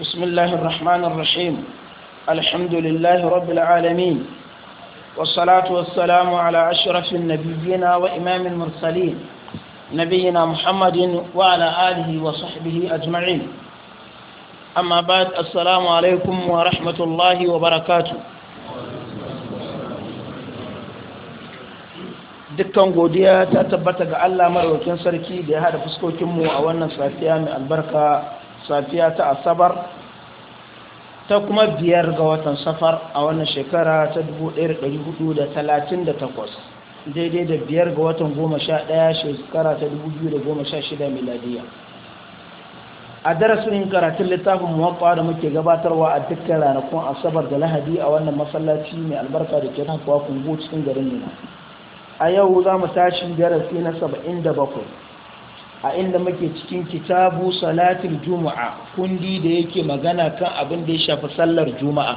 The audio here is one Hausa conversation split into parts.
بسم الله الرحمن الرحيم الحمد لله رب العالمين والصلاة والسلام على أشرف النبيين وإمام المرسلين نبينا محمد وعلى آله وصحبه أجمعين أما بعد السلام عليكم ورحمة الله وبركاته dukkan godiya ta tabbata ga Allah maraukin sarki da ya haɗa fuskokinmu a wannan safiya mai albarka safiya ta asabar ta kuma biyar ga watan safar a wannan shekara ta 1438 daidai da biyar ga watan 11 shekara ta 2016 miladiya a darasin karatun littafin mawaƙa da muke gabatarwa a dukkan ranakun asabar da lahadi a wannan masallaci mai albarka da ke nan kuwa cikin garin nuna a yau za mu tashi darasi na 77 a inda muke cikin kitabu salatin juma'a kundi da yake magana kan abin da ya shafi sallar juma'a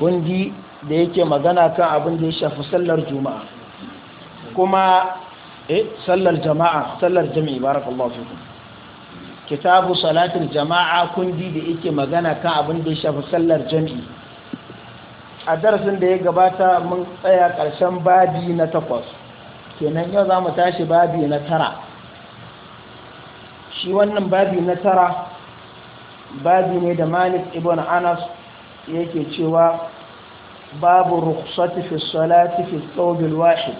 kundi da yake magana kan abin da ya shafi sallar juma'a kuma eh sallar jama'a sallar jami'i barakallahu fikum kitabu salatin jama'a kundi da yake magana kan abin da ya shafi sallar jami'i a darasin da ya gabata mun tsaya ƙarshen babi na takwas kenan yau za mu tashi babi na tara shi wannan babi na tara babi ne da malik ibn anas yake cewa babu rukhsati fi salati fi thawb al-wahid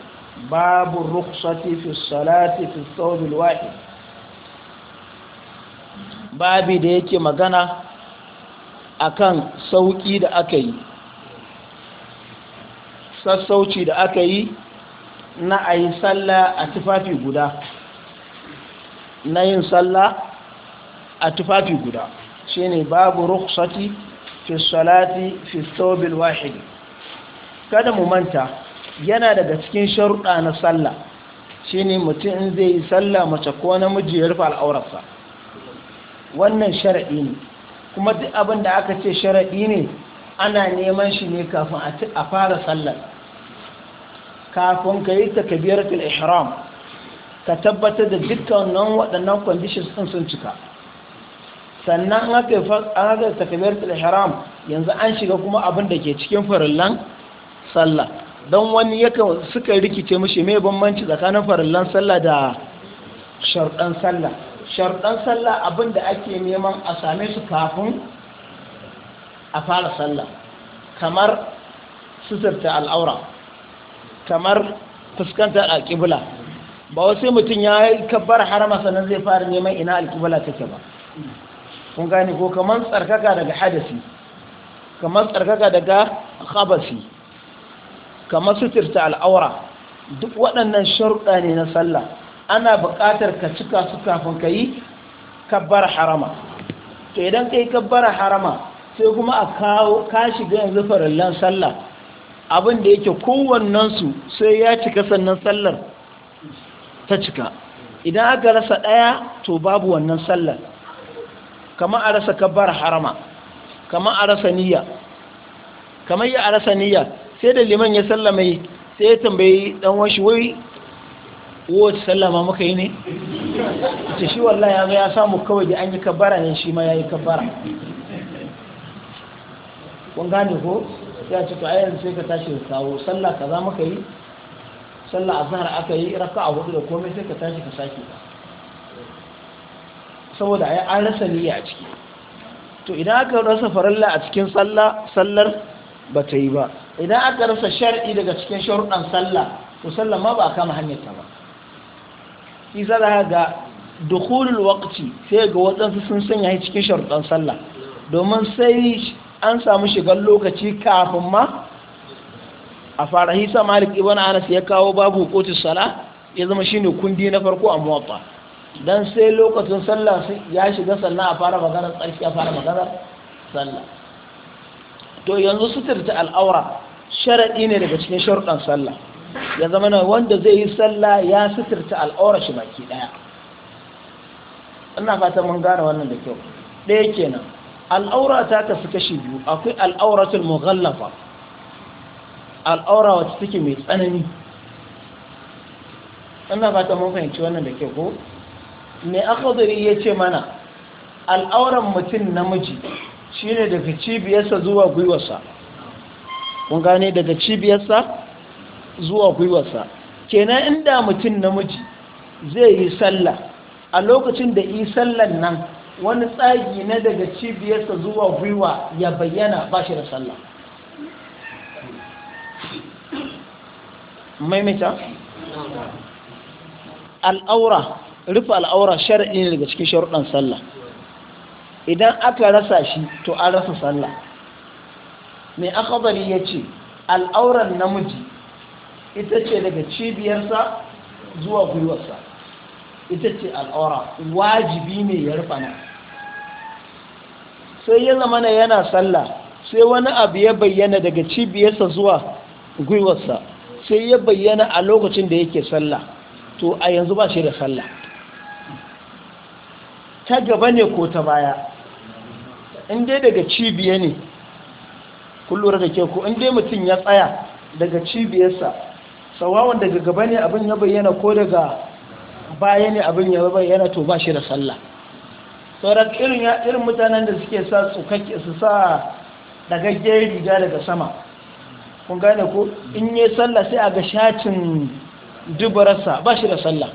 babu rukhsati fi salati fi thawb al-wahid babi da yake magana akan sauki da aka yi sassauci da aka yi na yi sallah a tufafi guda na yin sallah a tufafi guda shi ne babu rukusati fi salati fi kada mu manta yana daga cikin sharuɗa na sallah ne mutum in zai yi sallah mace ko namiji ya rufe al'aurarsa wannan sharaɗi ne kuma duk abin da aka ce sharaɗi ne ana neman shi ne kafin a fara sallar kafin ka yi takabiratul ihram ka tabbatar da dukkan waɗannan conditions ɗin sun cika sannan an haka takbir da haram yanzu an shiga kuma abin da ke cikin farillan sallah don wani yakan suka rikice mashi mai bambanci tsakanin farillan sallah da sharɗan sallah sharɗan sallah abin da ake neman a same su kafin a fara sallah kamar sutarta al'aura kamar fuskantar alƙibla ba wasu mutum ya yi kabbar harama sannan zai fara neman ina alkibala take ba kun gani ko kamar tsarkaka daga hadasi kamar tsarkaka daga habasi kamar suturta al'aura duk waɗannan sharuɗa ne na sallah ana buƙatar ka cika su kafin ka yi kabbar harama to idan ka yi kabbar harama sai kuma a kawo ka shiga yanzu farallan sallah abin da yake kowannensu sai ya cika sannan sallar ta cika idan aka rasa ɗaya to babu wannan sallar kama a rasa kabbar harama kama a rasa niyya kamar ya a rasa niyya sai da liman ya sallama sai ya tambayi dan washi wai wata sallama muka yi ne ta shi wallah ya ya samu kawai da an yi kabbara ne shi ma ya yi kabbara kun gane ko ya ce to ayyar yanzu sai ka tashi da kawo sallah za muka yi sallah azhar aka yi raka a hudu da komai sai ka tashi ka sake ba saboda ai an rasa niyya a ciki to idan aka rasa farilla a cikin sallah sallar ba ta yi ba idan aka rasa shar'i daga cikin sharuɗan sallah to sallar ma ba a kama hanyar ta ba shi zara ga dukhulul waqti sai ga wadansu sun sanya cikin sharuɗan sallah domin sai an samu shigar lokaci kafin ma a fara hisa malik ibn anas ya kawo babu kotu sala ya zama shine kundi na farko a muwatta dan sai lokacin sallah ya shiga sallah a fara magana tsarki a fara magana sallah to yanzu suturta al'aura sharadi ne daga cikin sharuɗan sallah ya zama na wanda zai yi sallah ya suturta al'aura shi baki daya ina fata mun gane wannan da kyau ɗaya kenan al'aura ta tafi kashi biyu akwai al'auratul mughallafa al'aura wacce take mai tsanani ina ba ta mun wannan da ke ko mai zuri ya ce mana al'auran mutum namiji shine daga cibiyarsa zuwa gwiwarsa kun gane daga cibiyarsa zuwa gwiwarsa kenan inda mutum namiji zai yi sallah a lokacin da yi sallan nan wani tsagi na daga cibiyarsa zuwa gwiwa ya bayyana ba shi da sallah maimaita al'aura rufe al'aura shari'i ne daga cikin sharuɗan sallah idan aka rasa shi to an rasa sallah mai akabari ya ce al'auran namiji ita ce daga cibiyarsa zuwa gwiwarsa ita ce al'aura wajibi ne ya rufa na sai yana mana yana sallah sai wani abu ya bayyana daga cibiyarsa zuwa gwiwarsa sai ya bayyana a lokacin da yake sallah to a yanzu ba shi da sallah ta gaba ne ko ta baya in dai daga cibiya ne kullura da ke ku, in mutum ya tsaya daga cibiyarsa sawawan daga gaba ne abin ya bayyana ko daga baya ne abin ya bayyana to ba shi da sallah sauran irin mutanen da suke sa su sa dagaggen riga daga sama kun gane ko in yi sallah sai a ga shatin dubararsa ba shi da sallah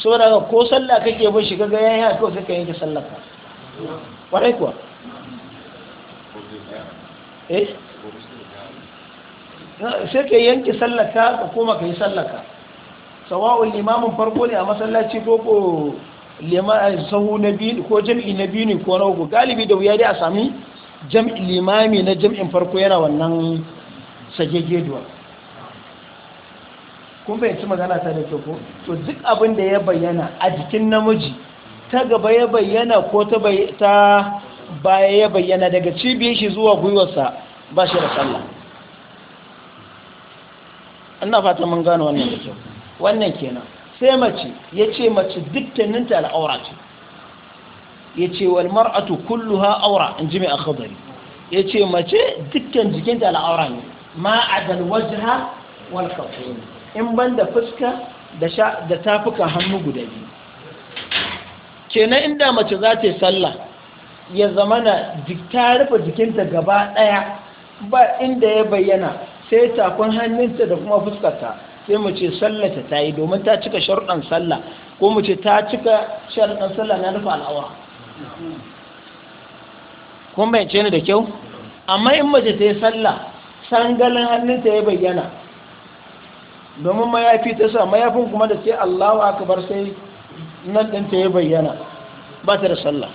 saboda ga ko sallah kake bin shi kaga yayi haka sai ka yanke sallah ka kwarai kuwa eh? sai ka yanke sallah ka ka koma ka yi sallah ka sawa'ul limamin farko ne a masallaci ko ko lima sahu na biyu ko jami'i na biyu ne ko na uku galibi da wuya dai a sami limami na jam'in farko yana wannan duwa kun fahimci magana ta da ke ko to duk abin da ya bayyana a jikin namiji ta gaba ya bayyana ko ta baya ya bayyana daga cibiyar shi zuwa gwiwarsa ba shi da sallah ina fata mun gano wannan da kyau wannan kenan sai mace ya ce mace dukkaninta al'aura ce ya ce wal mar'atu kulluha aura in ji mai akhadari ya ce mace dukkan jikinta al'aura ne ma a ha wal kafin in ban da fuska da tafuka hannu guda biyu kenan inda mace za ta yi sallah ya zama na ta rufe jikinta gaba ɗaya, ba inda ya bayyana sai takon hannunta da kuma fuskarta sai mu ce sallata ta yi domin ta cika sharuɗan sallah ko mu ce ta cika sharuɗan sallah na rufe al'aura kun bayance ni da kyau amma in mace ta yi sallah sangalin hannunta ya bayyana domin mayafi ta sa mayafin kuma da ce allahu bar sai nan ɗinta ya bayyana ba ta da sallah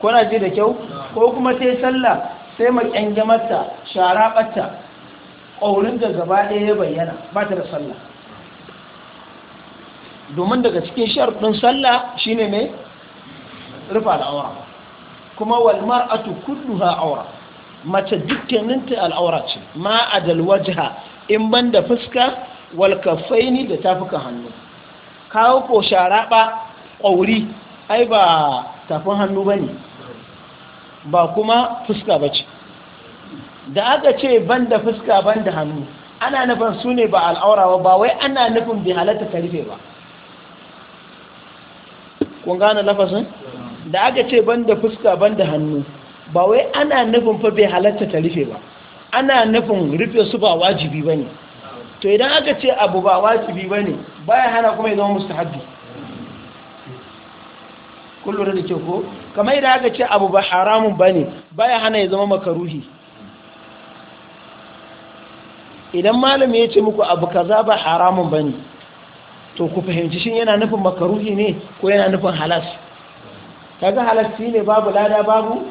kuna ji da kyau ko kuma ta yi sallah sai makyan jamarta sharaɓarta da gaba ɗaya ya bayyana ba ta da sallah domin daga cikin sharɗin sallah shine mai rufa al'aura kuma tu mar'atu ha aura mace dukkaninta al'aura ce ma dalwaji ha in da fuska walkafai ni da tafukan hannu kawo ko ba ƙauri ai ba tafin hannu ba ne. ba kuma fuska bace da aka ce ban da fuska ban da hannu ana nufin su ne ba al'aura ba wai ana nufin bai halatta ta rufe ba kun gane lafasin da aka ce banda fuska banda hannu ba wai ana nufin fa bai halatta ta rufe ba ana nufin rufe su ba wajibi bane to idan aka ce abu ba wajibi bane baya hana kuma ya zama mustahabbi kullu da ke ko kamar idan aka ce abu ba haramun bane baya hana ya zama makaruhi idan malami ya ce muku abu kaza ba haramun bane to ku fahimci shin yana nufin makaruhi ne ko yana nufin halas kaga halas shi ne babu lada babu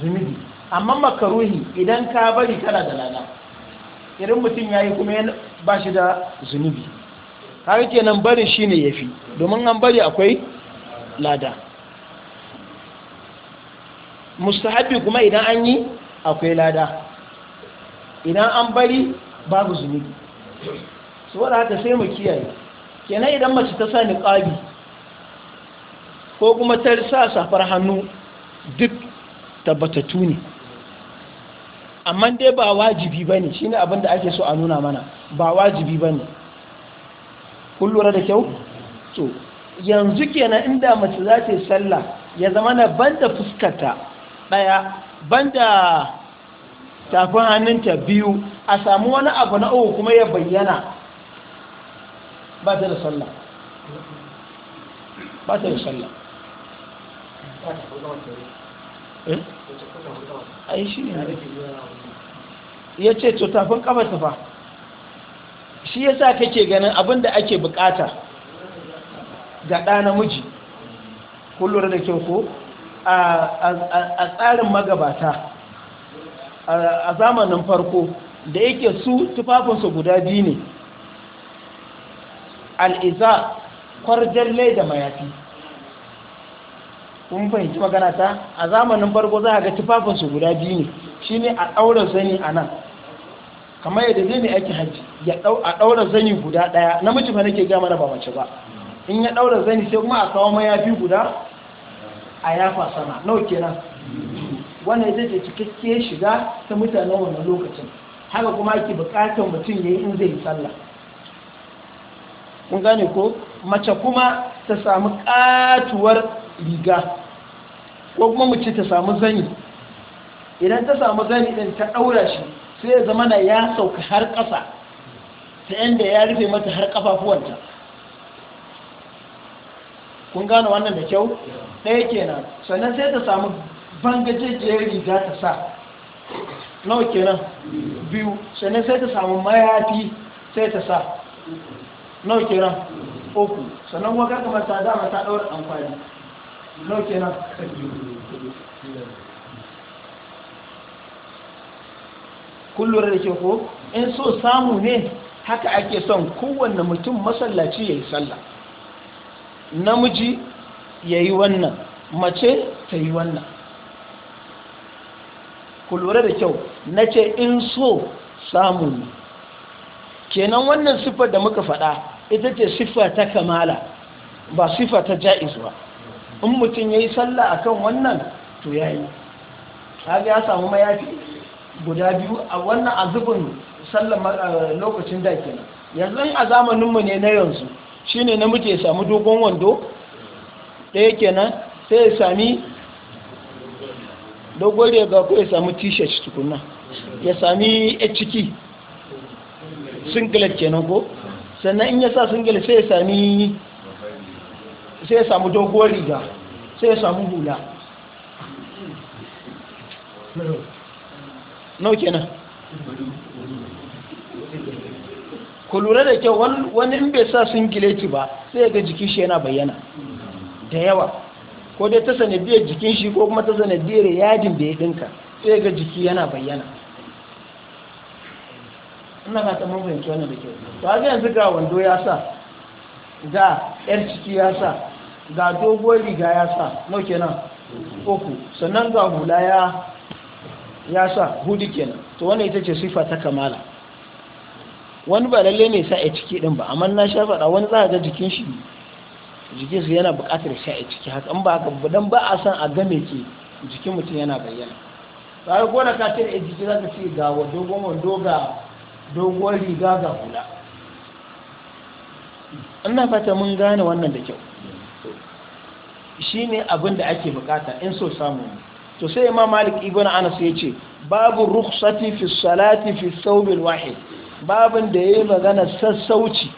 zunubi amma makaruhi idan ka bari kana da lada irin mutum ya yi kuma ba shi da zunubi har ke kenan barin ya fi, domin an bari akwai lada mustahabi kuma idan an yi akwai lada idan an bari babu zunubi saboda haka sai mu kiyaye kenan idan mace ta sani ƙagi ko kuma ta sa safar hannu duk tabbatattu ne amma dai ba wajibi ba bane shine abin da ake so a nuna mana ba wajibi bane kun lura da kyau to yanzu kenan inda mace za ta yi sallah ya zama na banda fuskata daya banda tafi hannunta biyu a samu wani abu na uku kuma ya bayyana ba ta da sallah ba ta da sallah yi eh? shi ne ya ce to tafin tufa shi ya sa kake ganin abin da ake bukata ga ɗa namiji kullum da kyau ko a tsarin magabata a zamanin farko da yake su tufafinsu guda biyu ne al'iza kwarjalle da mayafi kun fahimci magana ta a zamanin farko za a ga tufafinsu guda biyu ne shi ne a ɗaura zani a nan kamar yadda zai mai aiki hajji a ɗaura zani guda ɗaya namiji fa nake gama na ba mace ba in ya ɗaura zani sai kuma a kawo mayafi guda a yafa sama nau kenan wannan zai ce cikakke shiga ta mutanen wannan lokacin haka kuma ake bukatar mutum ya yi in zai yi sallah mun gane ko mace kuma ta samu katuwar riga ko kuma mace ta samu zani idan ta samu zani din ta daura shi sai ya zama na ya sauka har ƙasa ta yadda ya rufe mata har kafafuwanta kun gane wannan da kyau ɗaya kenan sannan sai ta samu bangajejiyar riga ta sa nawa kenan biyu sannan sai ta samu mayafi sai ta sa Nauke Oku. sannan kuma mata dama ta daura amfani nau da ke ko in so samu ne haka ake son kowanne mutum masallaci ya yi sallah namiji ya yi wannan mace ta yi wannan lura da kyau na ce in so samu ne kenan wannan siffar da muka faɗa ita ce siffa ta kamala ba siffa ta ja'iz ba in mutum ya yi sallah a kan wannan to ya yi haɗe ya samu mayafi guda biyu a wannan azubin sallah lokacin daki Yanzu yanzu a zamaninmu ne na yanzu shi ne na muke samu dogon wando ɗaya kenan sai ya sami dogon riga ko ya sami t-shirt tukuna ya sami a ciki singlet kenan ko sannan in ya sa singil sai ya sami sai ya samu doguwar riga sai ya samu hula nau kenan ku lura da kyau wani in bai sa singileti ba sai ya ga jikin shi yana bayyana da yawa ko dai ta sanadiyar jikin shi ko kuma ta sanadiyar yadin da ya dinka sai ga jiki yana bayyana suna ba ta mun fahimci da ke to a yanzu ga wando ya sa ga yar ciki ya sa ga dogon riga ya sa nau kenan uku sannan ga hula ya sa hudu kenan to wani ita ce sifa ta kamala wani ba lalle ne sa ya ciki din ba amma na sha faɗa wani za ga jikin shi jikin su yana buƙatar sha ciki haka in ba haka ba a san a game ke jikin mutum yana bayyana ba ga gona ka ce za ka ce ga wando ga doguwar riga ga hula ina fata mun gane wannan da kyau shi ne abin da ake bukata in so samu to sai imam malik ibn anas ya ce babu rukhsati fi salati fi thawbil wahid babin da yayi magana sassauci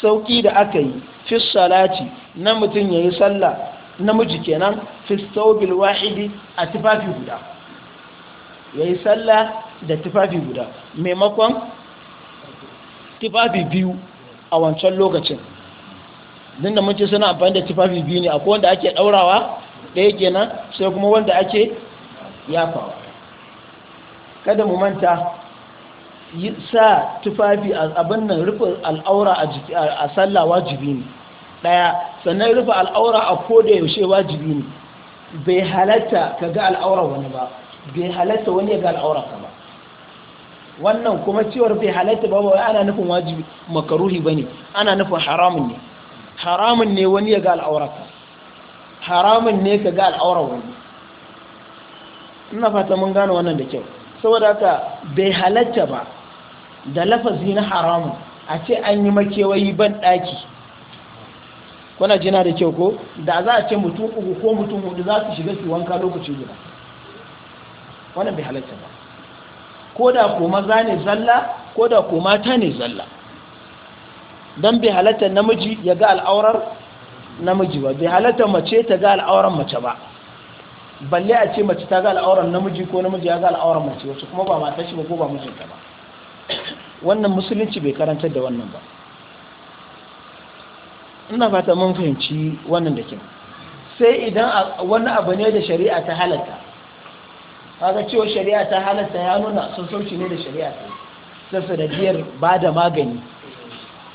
sauki da aka yi fi salati na mutum yayi sallah namiji kenan fi thawbil wahid a tufafi guda yayi sallah da tufafi guda maimakon tufafi biyu a wancan lokacin din da mace suna amfani da tufafi biyu ne a wanda ake daurawa ɗaya kenan sai kuma wanda ake yafawa kada mu manta yi sa tufafi abin nan rufe al'aura a sallah wajibi ne ɗaya sannan rufe al'aura a koda yaushe wajibi ne bai halatta ka ga al'aura wani ba bai halatta wani ya ga al'aura ka ba wannan kuma cewar bai halatta ba ba ana nufin wajibi makaruhi ba ne ana nufin haramun ne haramun ne wani ya ga al'aurata haramun ne ka ga al'aurar wani ina fata mun gane wannan da kyau saboda haka bai halatta ba da lafazi na haramun a ce an yi makewayi ban ɗaki kuna jina da kyau ko da za a ce mutum uku ko mutum hudu za su shiga su wanka lokaci guda wannan bai halatta ba ko da ko maza ne zalla ko da ko mata ne zalla don bai halatta namiji ya ga al'aurar namiji ba bai halatta mace ta ga al'auran mace ba balle a ce mace ta ga al'auran namiji ko namiji ya ga al'auran mace wasu kuma ba mata shi ba ko ba mijinta ba wannan musulunci bai karantar da wannan ba ina fata mun fahimci wannan da kin sai idan wani abu ne da shari'a ta halatta kaga cewa shari'a ta halatta ya nuna sun sauci ne da shari'a ta biyar ba da magani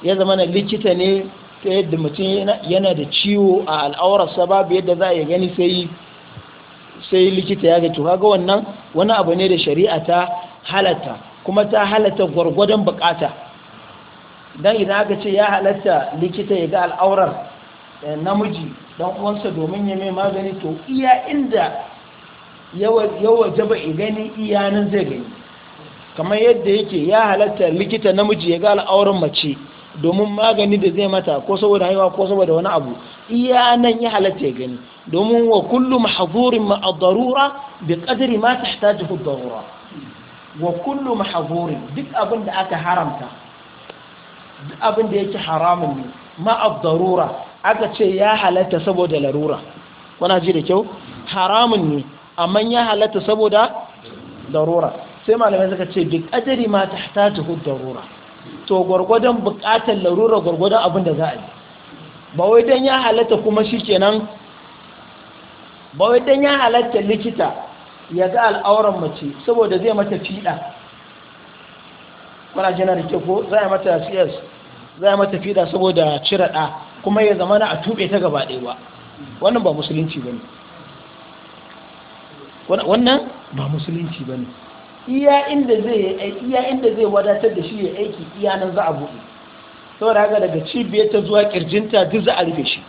ya zama na likita ne ta yadda mutum yana da ciwo a al'aurarsa babu yadda za a gani sai sai likita ya gato kaga wannan wani abu ne da shari'a ta halatta kuma ta halatta gwargwadon bukata don idan aka ce ya halatta likita ya ga al'aurar eh, namiji don uwansa domin ya mai magani to iya inda yawa jaba gani iyanin zai gani kamar yadda yake ya halatta likita namiji ya ga al'auran mace domin magani da zai mata ko saboda haihuwa ko saboda wani abu iya nan ya halatta ya gani domin wa kullum mahzurin ma ad-darura bi qadri ma tahtajuhu darura wa kullu mahzurin duk abin da aka haramta duk abin da yake haramun ne ma darura aka ce ya halatta saboda larura kuna ji da kyau haramun ne amma ya halatta saboda darura sai malamai suka ce bi kadari ma tahtatuhu darura to gwargwadon buƙatar larura gwargwadon abin da za a yi ba wai dan ya halatta kuma shikenan ba wai dan ya halatta likita ya ga al'auran mace saboda zai mata fida kuna jina da ke ko za a mata cs za a mata fida saboda cire ɗa kuma ya zama na a tuɓe ta gaba ɗaya ba wannan ba musulunci ba ne wannan ba musulunci ba ne iya inda zai wadatar da shi ya aiki iya nan za a buɗe saboda haka daga cibiyar ta zuwa ƙirjinta duk za a rufe shi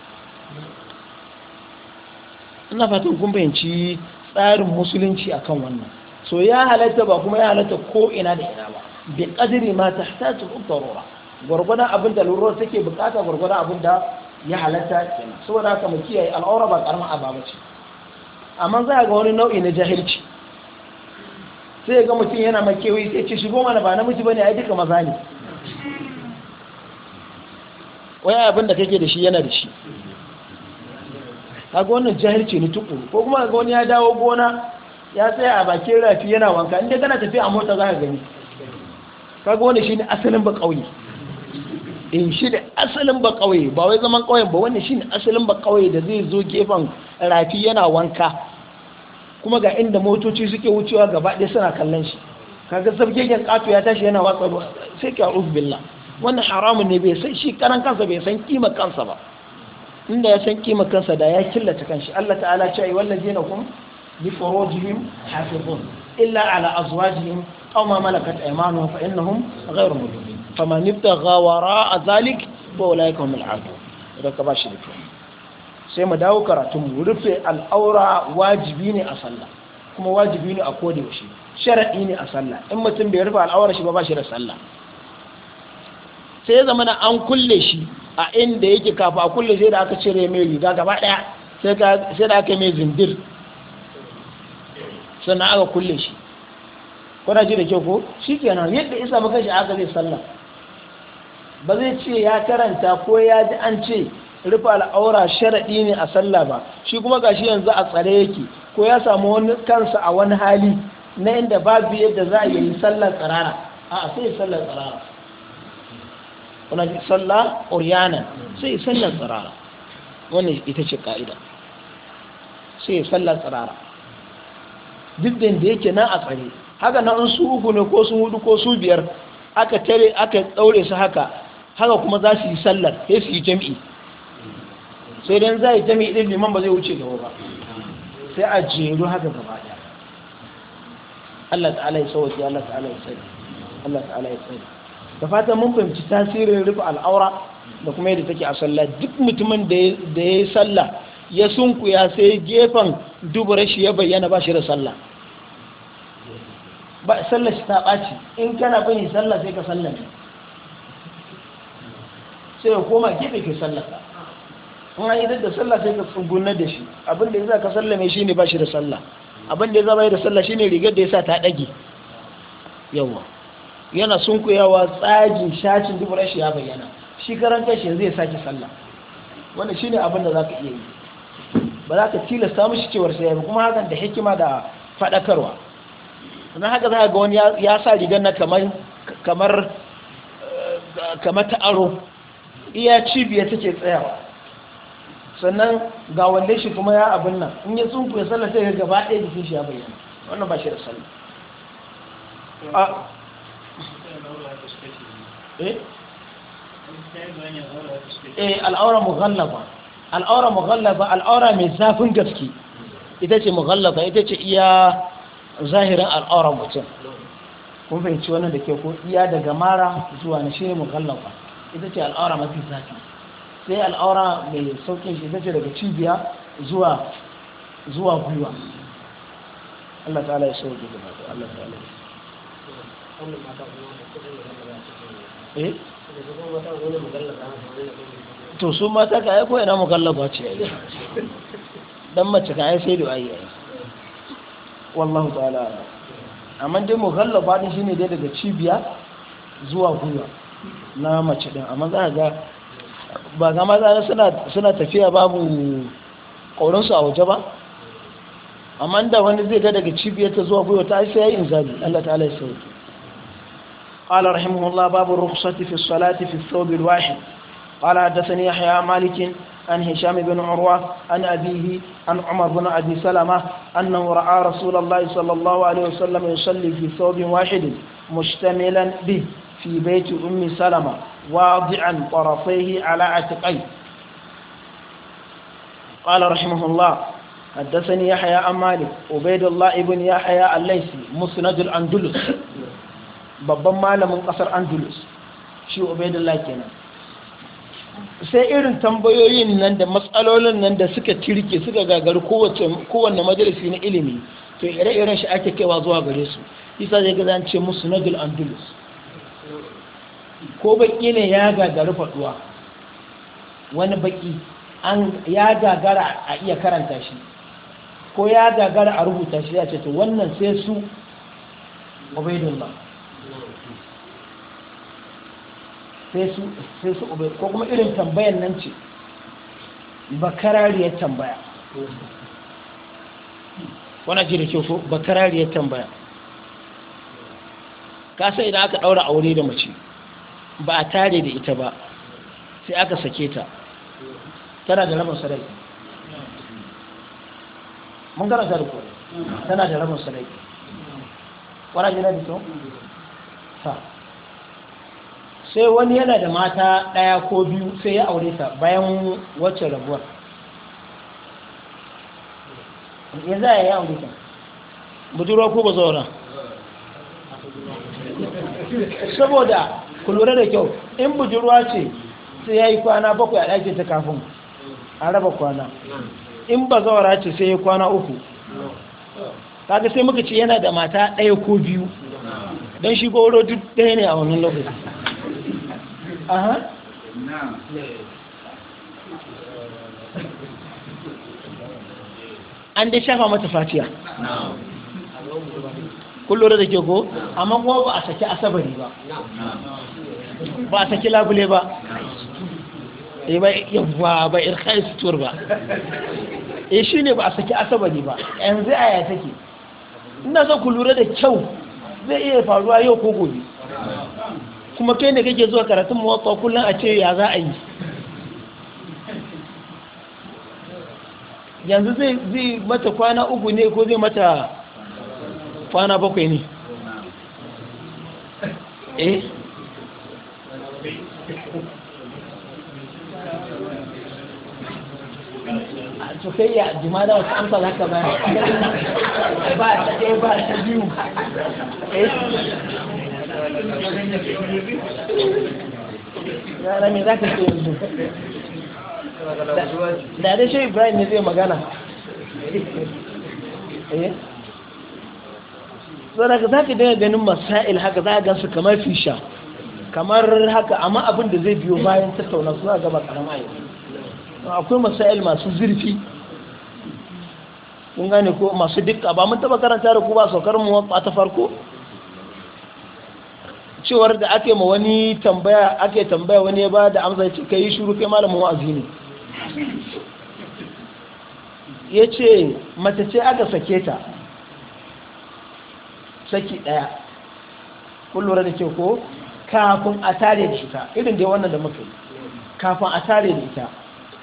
ina fatan kun fahimci tsarin musulunci akan wannan so ya halatta ba kuma ya halatta ko ina da ina ba bi ƙadiri ma ta tahtaju ad-darura gurgurdan abin da lura take bukata gurgurdan abin da ya halatta kenan saboda haka mu kiyaye al'aura ba karamin ababa ce amma za a ga wani nau'i na jahilci sai ga mutum yana makewa sai ce shigo mana ba namiji bane ai duka maza ne Waya abin da kake da shi yana da shi kaga wannan jahilci ne tukuru ko kuma ga wani ya dawo gona ya tsaya a bakin rafi yana wanka inda kana tafi a mota za ka gani kaga wannan shine asalin ba kauye in eh, shi da asalin ba kauye ba wai zaman kauyen ba wannan shine asalin ba kauye da zai zo gefen rafi yana wanka kuma ga inda motoci suke wucewa gaba ɗaya suna kallon shi kaga sabgegen ƙato ya tashi yana watsa ruwa sai ka uf billah wannan haramun ne bai san shi karan kansa bai san kima kansa ba inda ya san kima kansa da ya kan kanshi Allah ta'ala ce ai wallazina hum li furujihim hafizun illa ala azwajihim aw ma malakat aymanuhum fa innahum ghayru mulimin faman ibtagha wara'a dhalik fa ulaika humul 'adun da ka bashi da sai mu dawo karatun mu rufe al'aura wajibi ne a sallah kuma wajibi ne a koda yaushe Shara'i ne a sallah in mutum bai rufe al'aura shi ba ba shi da sallah sai zama na an kulle shi a inda yake kafa a kulle sai da aka cire mai riga gaba ɗaya sai da aka mai zindir sannan aka kulle shi kuna ji da kyau ko shi kenan yadda isa maka shi aka zai sallah ba zai ce ya karanta ko ya ji an ce rufe al'aura sharaɗi ne a sallah ba shi kuma gashi yanzu a tsare yake ko ya samu wani kansa a wani hali na inda babu yadda za a yi sallar tsirara a sai sallar tsirara kuna ji sallah oriyanan sai sallar tsirara Wani ita ce ka'ida sai sallar tsirara duk da yake nan a tsare haka na an su uku ne ko sun hudu ko su biyar aka tare aka daure su haka haka kuma za su yi sallar sai su yi jam'i sai yi zai mai ɗin liman ba zai wuce gaba ba sai a jeru haka gaba daya Allah ta'ala ya sauwaki Allah ta'ala ya sani Allah ta'ala ya sani da fatan mun fahimci tasirin rufe al'aura da kuma yadda take a sallah duk mutumin da ya yi sallah ya sunkuya sai gefen dubura shi ya bayyana ba shi da sallah ba sallah shi ta ɓaci in kana bani sallah sai ka sallah ne sai ya koma gefe ke sallah in an da sallah sai ka tsugunar da shi abin da za ka sallame shi ne ba shi da sallah abin da ya zama da sallah shi ne rigar da ya sa ta ɗage yawa yana sunkuyawa tsajin, shacin dubura shi ya bayyana shi karan shi zai sake sallah wanda shi ne abin da za ka iya yi ba za ka tilasta mishi cewar sai ba kuma hakan da hikima da faɗakarwa sannan haka za ga wani ya sa rigar na kamar kamar eh, kamar ta aro iya cibiya take tsayawa sannan ga wanda shi kuma ya abin nan in ya tsunku ya sallah ya gaba ɗaya jikin shi ya bayyana wannan ba shi da a eh? eh al'aura mughallaba al'aura mughallaba al'aura mai zafin gaske ita ce mughallaba ita ce iya zahirin al'aura mutum kun fahimci wannan da ke ko iya daga mara zuwa na shi ne mughallaba ita ce al'aura mafi zafi sai al'aura mai saukin shi zace daga cibiya zuwa zuwa gwiwa Allah ta ala ya sauke da mata Allah ta ta'ala eh to su mata ka aiko yana mukallaba ce ai dan mace ka ai sai da ai ai wallahu ta'ala amma dai mukallaba din shine dai daga cibiya zuwa gwiwa na mace din amma za ga ba ga maza suna tafiya babu ƙaurinsu a waje ba amma da wani zai ta daga cibiyar ta zuwa gwiwa ta sai ya yi inzabi Allah ta'ala ya sauki قال رحمه الله باب الرخصة في الصلاة في الثوب الواحد قال حدثني يحيى مالك عن هشام بن عروة عن أبيه عن عمر بن أبي سلمة أنه رأى رسول الله صلى الله عليه وسلم يصلي في ثوب واحد مشتملا به في بيت أم سلمة واضعا طرفيه على عتقيه قال رحمه الله حدثني يحيى عن مالك عبيد الله ابن يحيى الليسي مسند الاندلس babban malamin kasar andalus shi ubaidullah kenan sai irin tambayoyin nan da matsalolin nan da suka tirke suka gagari kowanne majalisi na ilimi to ire-iren shi ake kaiwa zuwa gare su isa zai gaza ce musu nagul andalus ko baki ne ya gagari faduwa wani baki an ya gagara a iya karanta shi ko ya gagara a rubuta shi ya ce to wannan sai su ubaidullah sai su sai su ubaid ko kuma irin tambayan nan ce bakarariyar tambaya wana ji da kyau ko bakarariyar tambaya ka sai idan aka daura aure da mace ba a tare da ita ba sai aka sake ta tana da rabin sarai. mun karanta da kuwa tana da rabin sarai wana jira da kyau? ta sai wani yana da mata ɗaya ko biyu sai ya aure ta bayan wacce rabuwar ya za a yi aure ta budurwa ko ba zaura saboda ku lura da kyau in bujurwa ce sai ya yi kwana bakwai a ɗakin ta kafin a raba kwana in ba zawara ce sai ya kwana uku kaga sai muka ce yana da mata ɗaya ko biyu don shi goro duk ɗaya ne a wannan lokaci aha an dai shafa mata fatiya kullum da ke go amma kuma ba a saki asabari ba ba a saki labule ba yabba eh, ba irkai sutur ba e shi ne ba a saki asabari ba yanzu a ya take ina so ku lura da kyau zai iya faruwa yau ko gobe kuma kai ne kake zuwa karatun mawaka kullum a ce ya za a yi yanzu zai mata kwana uku ne ko zai mata kwana bakwai ne eh ya jima da amsa za ka ba ta ɗaya ba ta biyu eh? za ka ce da shi ibrahim ne zai magana eh sadaka za ka daga ganin masail haka za ka gansu kamar fisha kamar haka amma abin da zai biyo bayan tattauna su za gaba karama yau akwai masail masu zurfi kun gane ko masu dukka ba mun taba karanta da ku ba saukar mu a ta farko cewar da ake ma wani tambaya ake tambaya wani ya ba da amsa ya ce ka yi shuru kai malamin wa'azi ne ya ce mace ce aka sake ta saki ɗaya kun lura da ke ko kafin a tare da ita irin dai wannan da muka yi kafin a tare da ita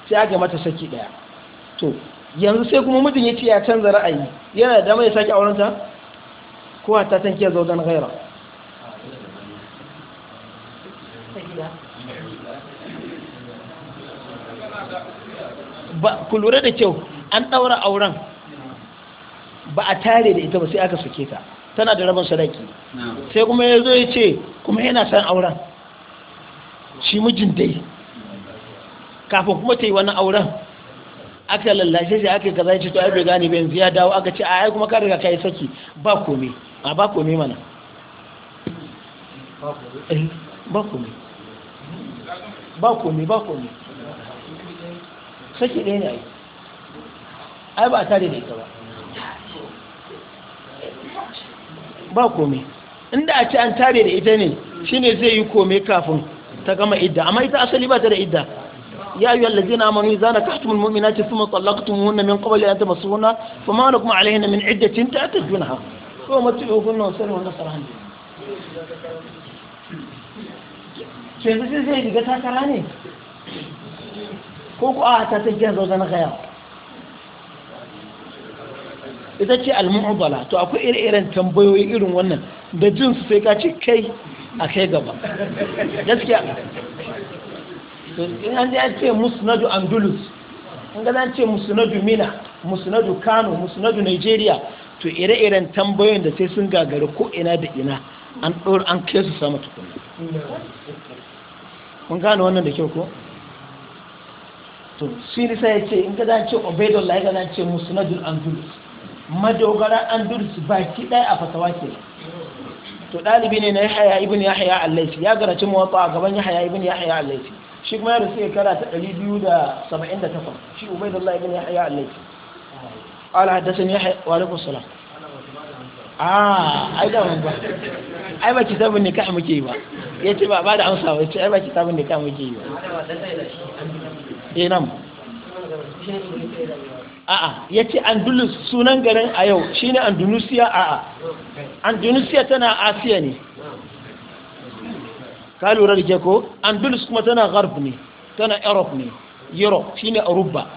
sai aka mata saki ɗaya to yanzu sai kuma mutum ya ce ya canza ra'ayi yana da dama ya sake aurenta ko a ta tanke zaudan gaira ku lura da kyau an ɗaura auren ba a tare da ita ba sai aka suke ta tana da rabin sadaki sai kuma ya zo ya ce kuma yana san auren shi mijin dai kafin kuma ta yi wani auren aka lallashe shi aka kaza ce to ai bai gane ba yanzu ya dawo aka ce ai kuma ka riga kai saki ba kome a ba kome mana eh, ba kome ba kome ba kome saki ɗaya ne ai ai ba tare da ita ba ba komai inda a ce an tare da ita ne shi ne zai yi komai kafin ta gama idda amma ita asali ba ta da idda ya yi na ayyuhal ladzina amanu idza nakahtumul mu'minati tun talaqtumuhunna min su ma wani kuma lakum na min ta juna iddatin ta'tadunaha ko matu'uhunna sallu wani nasara ne. sai zai diga takara ne ko ku a ta ta gyan zo na gaya ita ce al-mu'dala to akwai ire-iren tambayoyi irin wannan da jin su sai ka ce kai a kai gaba gaskiya to in an ji ce musnadu andalus in ga zan ce musnadu mina musnadu kano musnadu nigeria to ire-iren tambayoyin da sai sun gagara ko ina da ina an ɗora an kai su sama tukuna kun gano wannan da kyau ko to shi nisa ya ce in ka lai ga ka ce musnadu andalus madogara an dursu baki ɗaya a fatawa ke to ɗalibi ne na yahaya ibn haya allaisi ya cin mawata a gaban ya yahaya ibn haya allaisi shi kuma ya rasu ya kara ta takwas. shi ubaidullah ya haya allaisi ala haddasan haya wa alaikum salam ah ai da mun ba ai ba kitabun ne kai muke yi ba yace ba ba da amsa ba yace ai ba kitabun ne kai muke yi ba eh nan a'a ya ce andulus sunan garin a yau shi ne Andunusiya a'a Andunusiya tana asiya ne ka lura da ko andulus kuma tana garb ne tana Erop ne europe shi ne aruba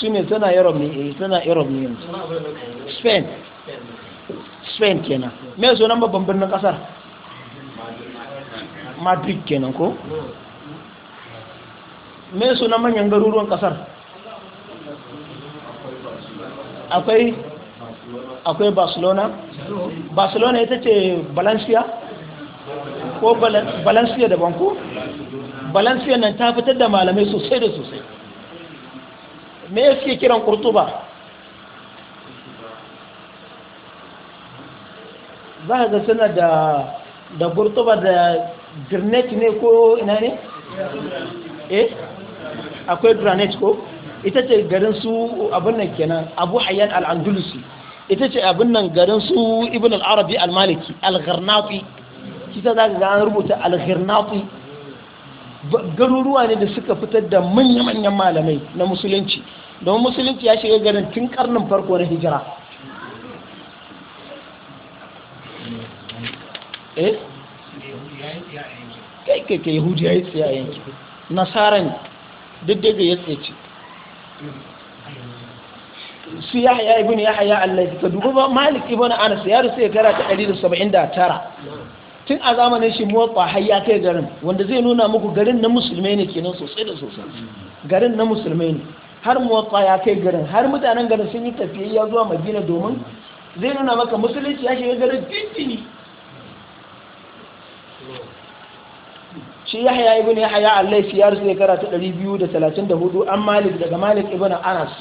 shi ne tana europe ne eh, tana europe ne yanzu spain spain kenan me nan babban birnin kasar madrid kenan ko me suna manyan garuruwan kasar akwai akwai barcelona barcelona ita ce valencia ko valencia da banku valencia nan ta fitar da malamai sosai da sosai me suke kiran kurtuba za ka ga da da kurtuba da girnet ne ko ina ne eh akwai granite ko ita ce garin su abin nan kenan abu hayyan al-andalusi ita ce abin nan garin su ibn al-arabi al-maliki al gharnafi kita za ga an rubuta al gharnafi garuruwa ne da suka fitar da manya-manyan malamai na musulunci don musulunci ya shiga garin tun karnin farko na hijira eh kai kai yahudiya ya yanki nasara ne duk ya tsaye ce su ya haya ibn ya haya Allah ka dubu ba Malik ibn Anas ya rusa ya gara ta 179 tun a zamanin shi motsa har kai garin wanda zai nuna muku garin na musulmai ne kenan sosai da sosai garin na musulmai ne har motsa ya kai garin har mutanen garin sun yi tafiya zuwa Madina domin zai nuna maka musulunci ya shiga garin tintini shi yahya ibn yahya al-laythi ya rusu shekara ta 234 an malik daga malik ibn anas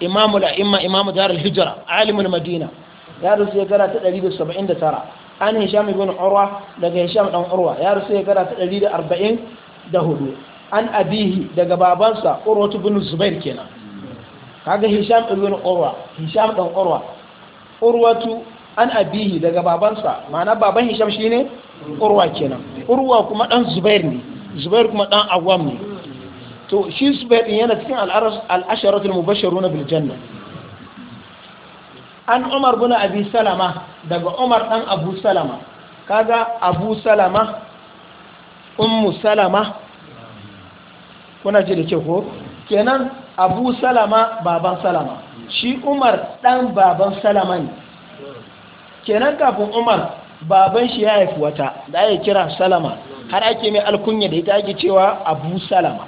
da imma imamu dar al-hijra alimul madina ya rusu shekara ta 179 an hisham ibn urwa daga hisham dan urwa ya rusu shekara ta 144 an abihi daga babansa urwa ibn zubair kenan kaga hisham ibn urwa hisham dan urwa urwatu an abihi daga babansa ma'ana baban hisham shine urwa kenan urwa kuma dan zubair ne zubair kuma dan awam ne to shi zubair din yana cikin al'asharatul mubashiruna bil janna an umar bin abi salama daga umar dan abu salama kaga abu salama ummu salama kuna ji da ke ko kenan abu salama baban salama shi umar dan baban salama ne kenan kafin umar baban shi ya haifi wata da ake kira salama har ake mai alkunya da ita ake cewa abu salama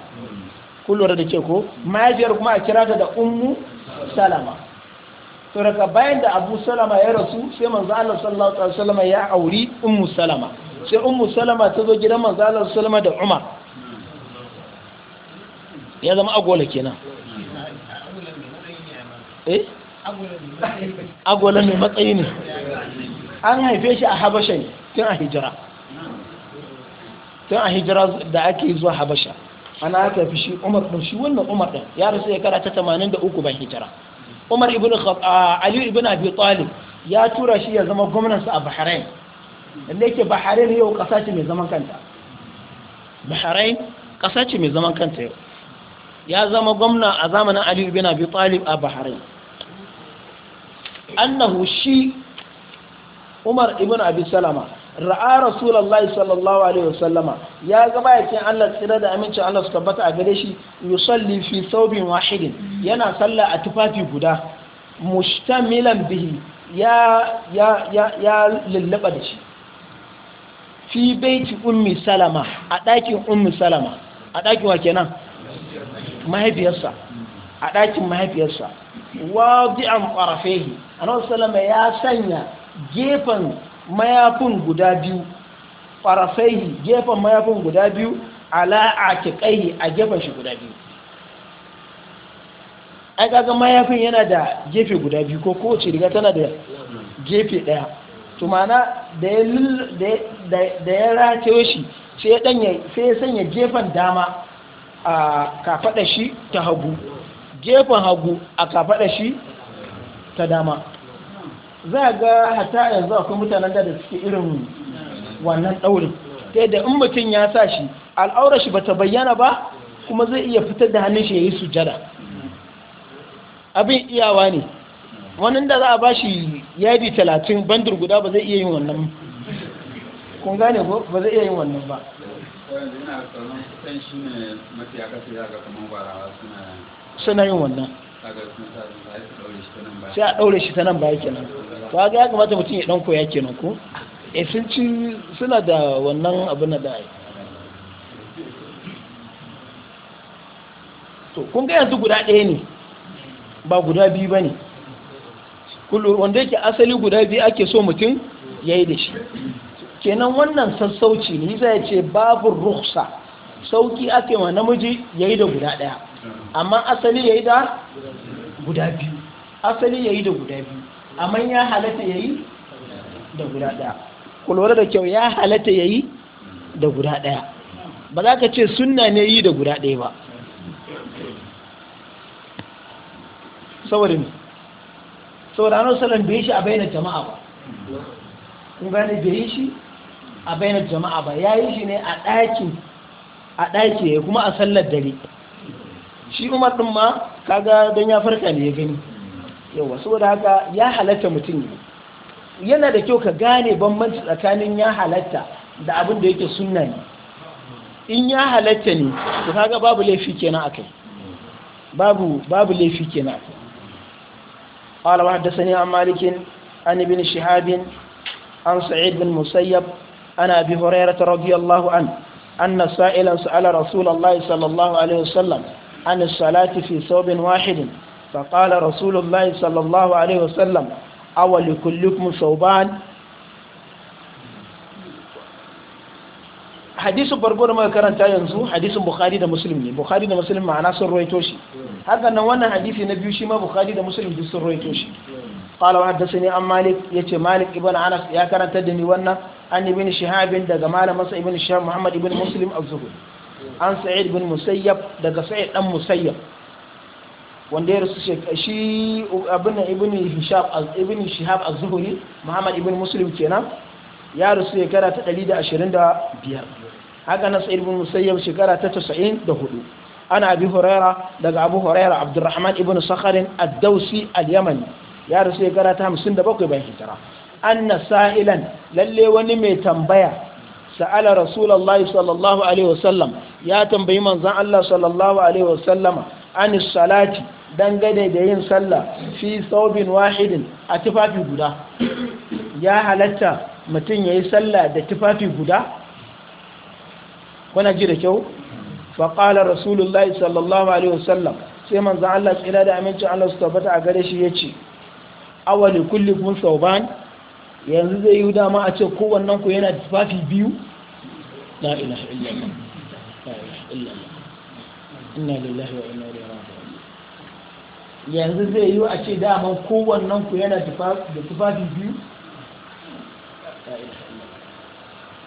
kullum da ke ko mahaifiyar kuma a kira ta da ummu salama to daga bayan da abu salama ya rasu sai manzo Allah sallallahu alaihi wasallam ya auri ummu salama sai ummu salama ta zo gidan manzo Allah sallallahu da Umar ya zama agola kenan eh agola mai matsayi ne an haife shi a habasha ne tun a hijira tun a hijira da ake zuwa habasha ana aka fi shi umar ɗin shi wannan umar ɗin ya rasu ya karata tamanin da uku ban hijira umar ibn aliyu ibn abi talib ya tura shi ya zama gwamnansa a bahrain inda yake bahrain yau ƙasa ce mai zaman kanta bahrain ƙasa ce mai zaman kanta yau ya zama gwamna a zamanin aliyu ibn abi talib a bahrain annahu shi umar ibn abi salama ra'a rasulullahi sallallahu alaihi wasallama ya ga bayakin Allah tsira da amincin Allah su tabbata a gare shi yusalli fi thawbin wahidin yana sallah a tufafi guda mushtamilan bihi ya ya ya ya lullaba da shi fi baiti ummi salama a ɗakin ummi salama a ɗakin wa kenan mahaifiyarsa a ɗakin mahaifiyarsa wadi'an ƙwarafehi annabi ya sanya gefen mayafin guda biyu farasaihi gefen mayafin guda biyu ala aqiqaihi a gefen shi guda biyu ai kaga mayafin yana da gefe guda biyu ko kowace riga tana da gefe daya to mana da ya da shi sai ya danya sai ya sanya gefen dama a kafada shi ta hagu gefen hagu a kafaɗa shi ta dama za ga hata yanzu akwai mutanen da suke irin wannan ɗaurin. ta yadda in mutum ya sa shi al'aura shi bata bayyana ba kuma zai iya fitar da hannun shi ya yi sujada abin iyawa ne wannan da za a ba shi yadi talatin bandur guda ba zai iya yin wannan kun gane ko ba zai iya yin wannan ba suna yin wannan sai a ɗaure shi ta nan baya kenan to haka ya kamata mutum ya ɗan koya kenan ko e sun ci suna da wannan abin da ai to kun ga yanzu guda ɗaya ne ba guda biyu ba ne wanda yake asali guda biyu ake so mutum ya yi da shi kenan wannan sassauci ne zai ce babu ruhsa sauki ake ma namiji ya yi da guda ɗaya amma asali yayi da guda biyu asali yayi da guda biyu amma ya halatta yayi da guda daya ku da kyau ya halatta yayi da guda daya ba za ka ce sunna ne yi da guda ɗaya ba saboda ne saboda ana salon bai shi a bayan jama'a ba kun gane bai shi a bayan jama'a ba ya yi shi ne a ɗaki a ɗaki ya kuma a sallar dare shi umar din ma kaga don ya farka ne ya gani yawa saboda haka ya halatta mutum ne yana da kyau ka gane bambanci tsakanin ya halatta da abin da yake sunna ne in ya halatta ne to kaga babu laifi kenan akai babu babu laifi kenan akai قال وحدثني عن مالك عن ابن شهاب عن سعيد بن مسيب عن ابي هريره رضي الله عنه ان سائلا سال رسول الله صلى الله عليه وسلم عن الصلاة في صوب واحد فقال رسول الله صلى الله عليه وسلم صوبان karanta yanzu hadisin bukhari da muslim ne ma'ana sun roito shi haka wannan hadisi na biyu shi ma bukhari da muslim duk sun roito shi qala hadathani an malik yace malik ibn anas ya karanta da ni wannan an ibn shihab daga malamin muhammad an sa'id bin musayyab daga sa'id dan musayyab wanda ya rasu shi abin ibn hishab ibn shihab az-zuhri muhammad ibn muslim kenan ya rasu shekara ta 125 haka na sa'id bin musayyab shekara ta 94 ana abi huraira daga abu huraira abdurrahman ibn sakharin ad-dawsi al-yamani ya rasu shekara ta 57 bayan hijira anna sa'ilan lalle wani mai tambaya sa'ala rasulullahi sallallahu alaihi wasallam ya tambayi manzon Allah sallallahu alaihi wasallama an salati dangane da yin sallah fi saubin wahidin a tufafi guda ya halatta mutum yayi sallah da tufafi guda kuna ji da kyau fa qala rasulullahi sallallahu alaihi wasallam sai manzon Allah tsira da amincin Allah su tabbata a gare shi yace awali kulli kun sauban yanzu zai yi dama a ce kowannen ku yana tufafi biyu yanzu zai yi a ce daman kowannan ku yana da tufafi biyu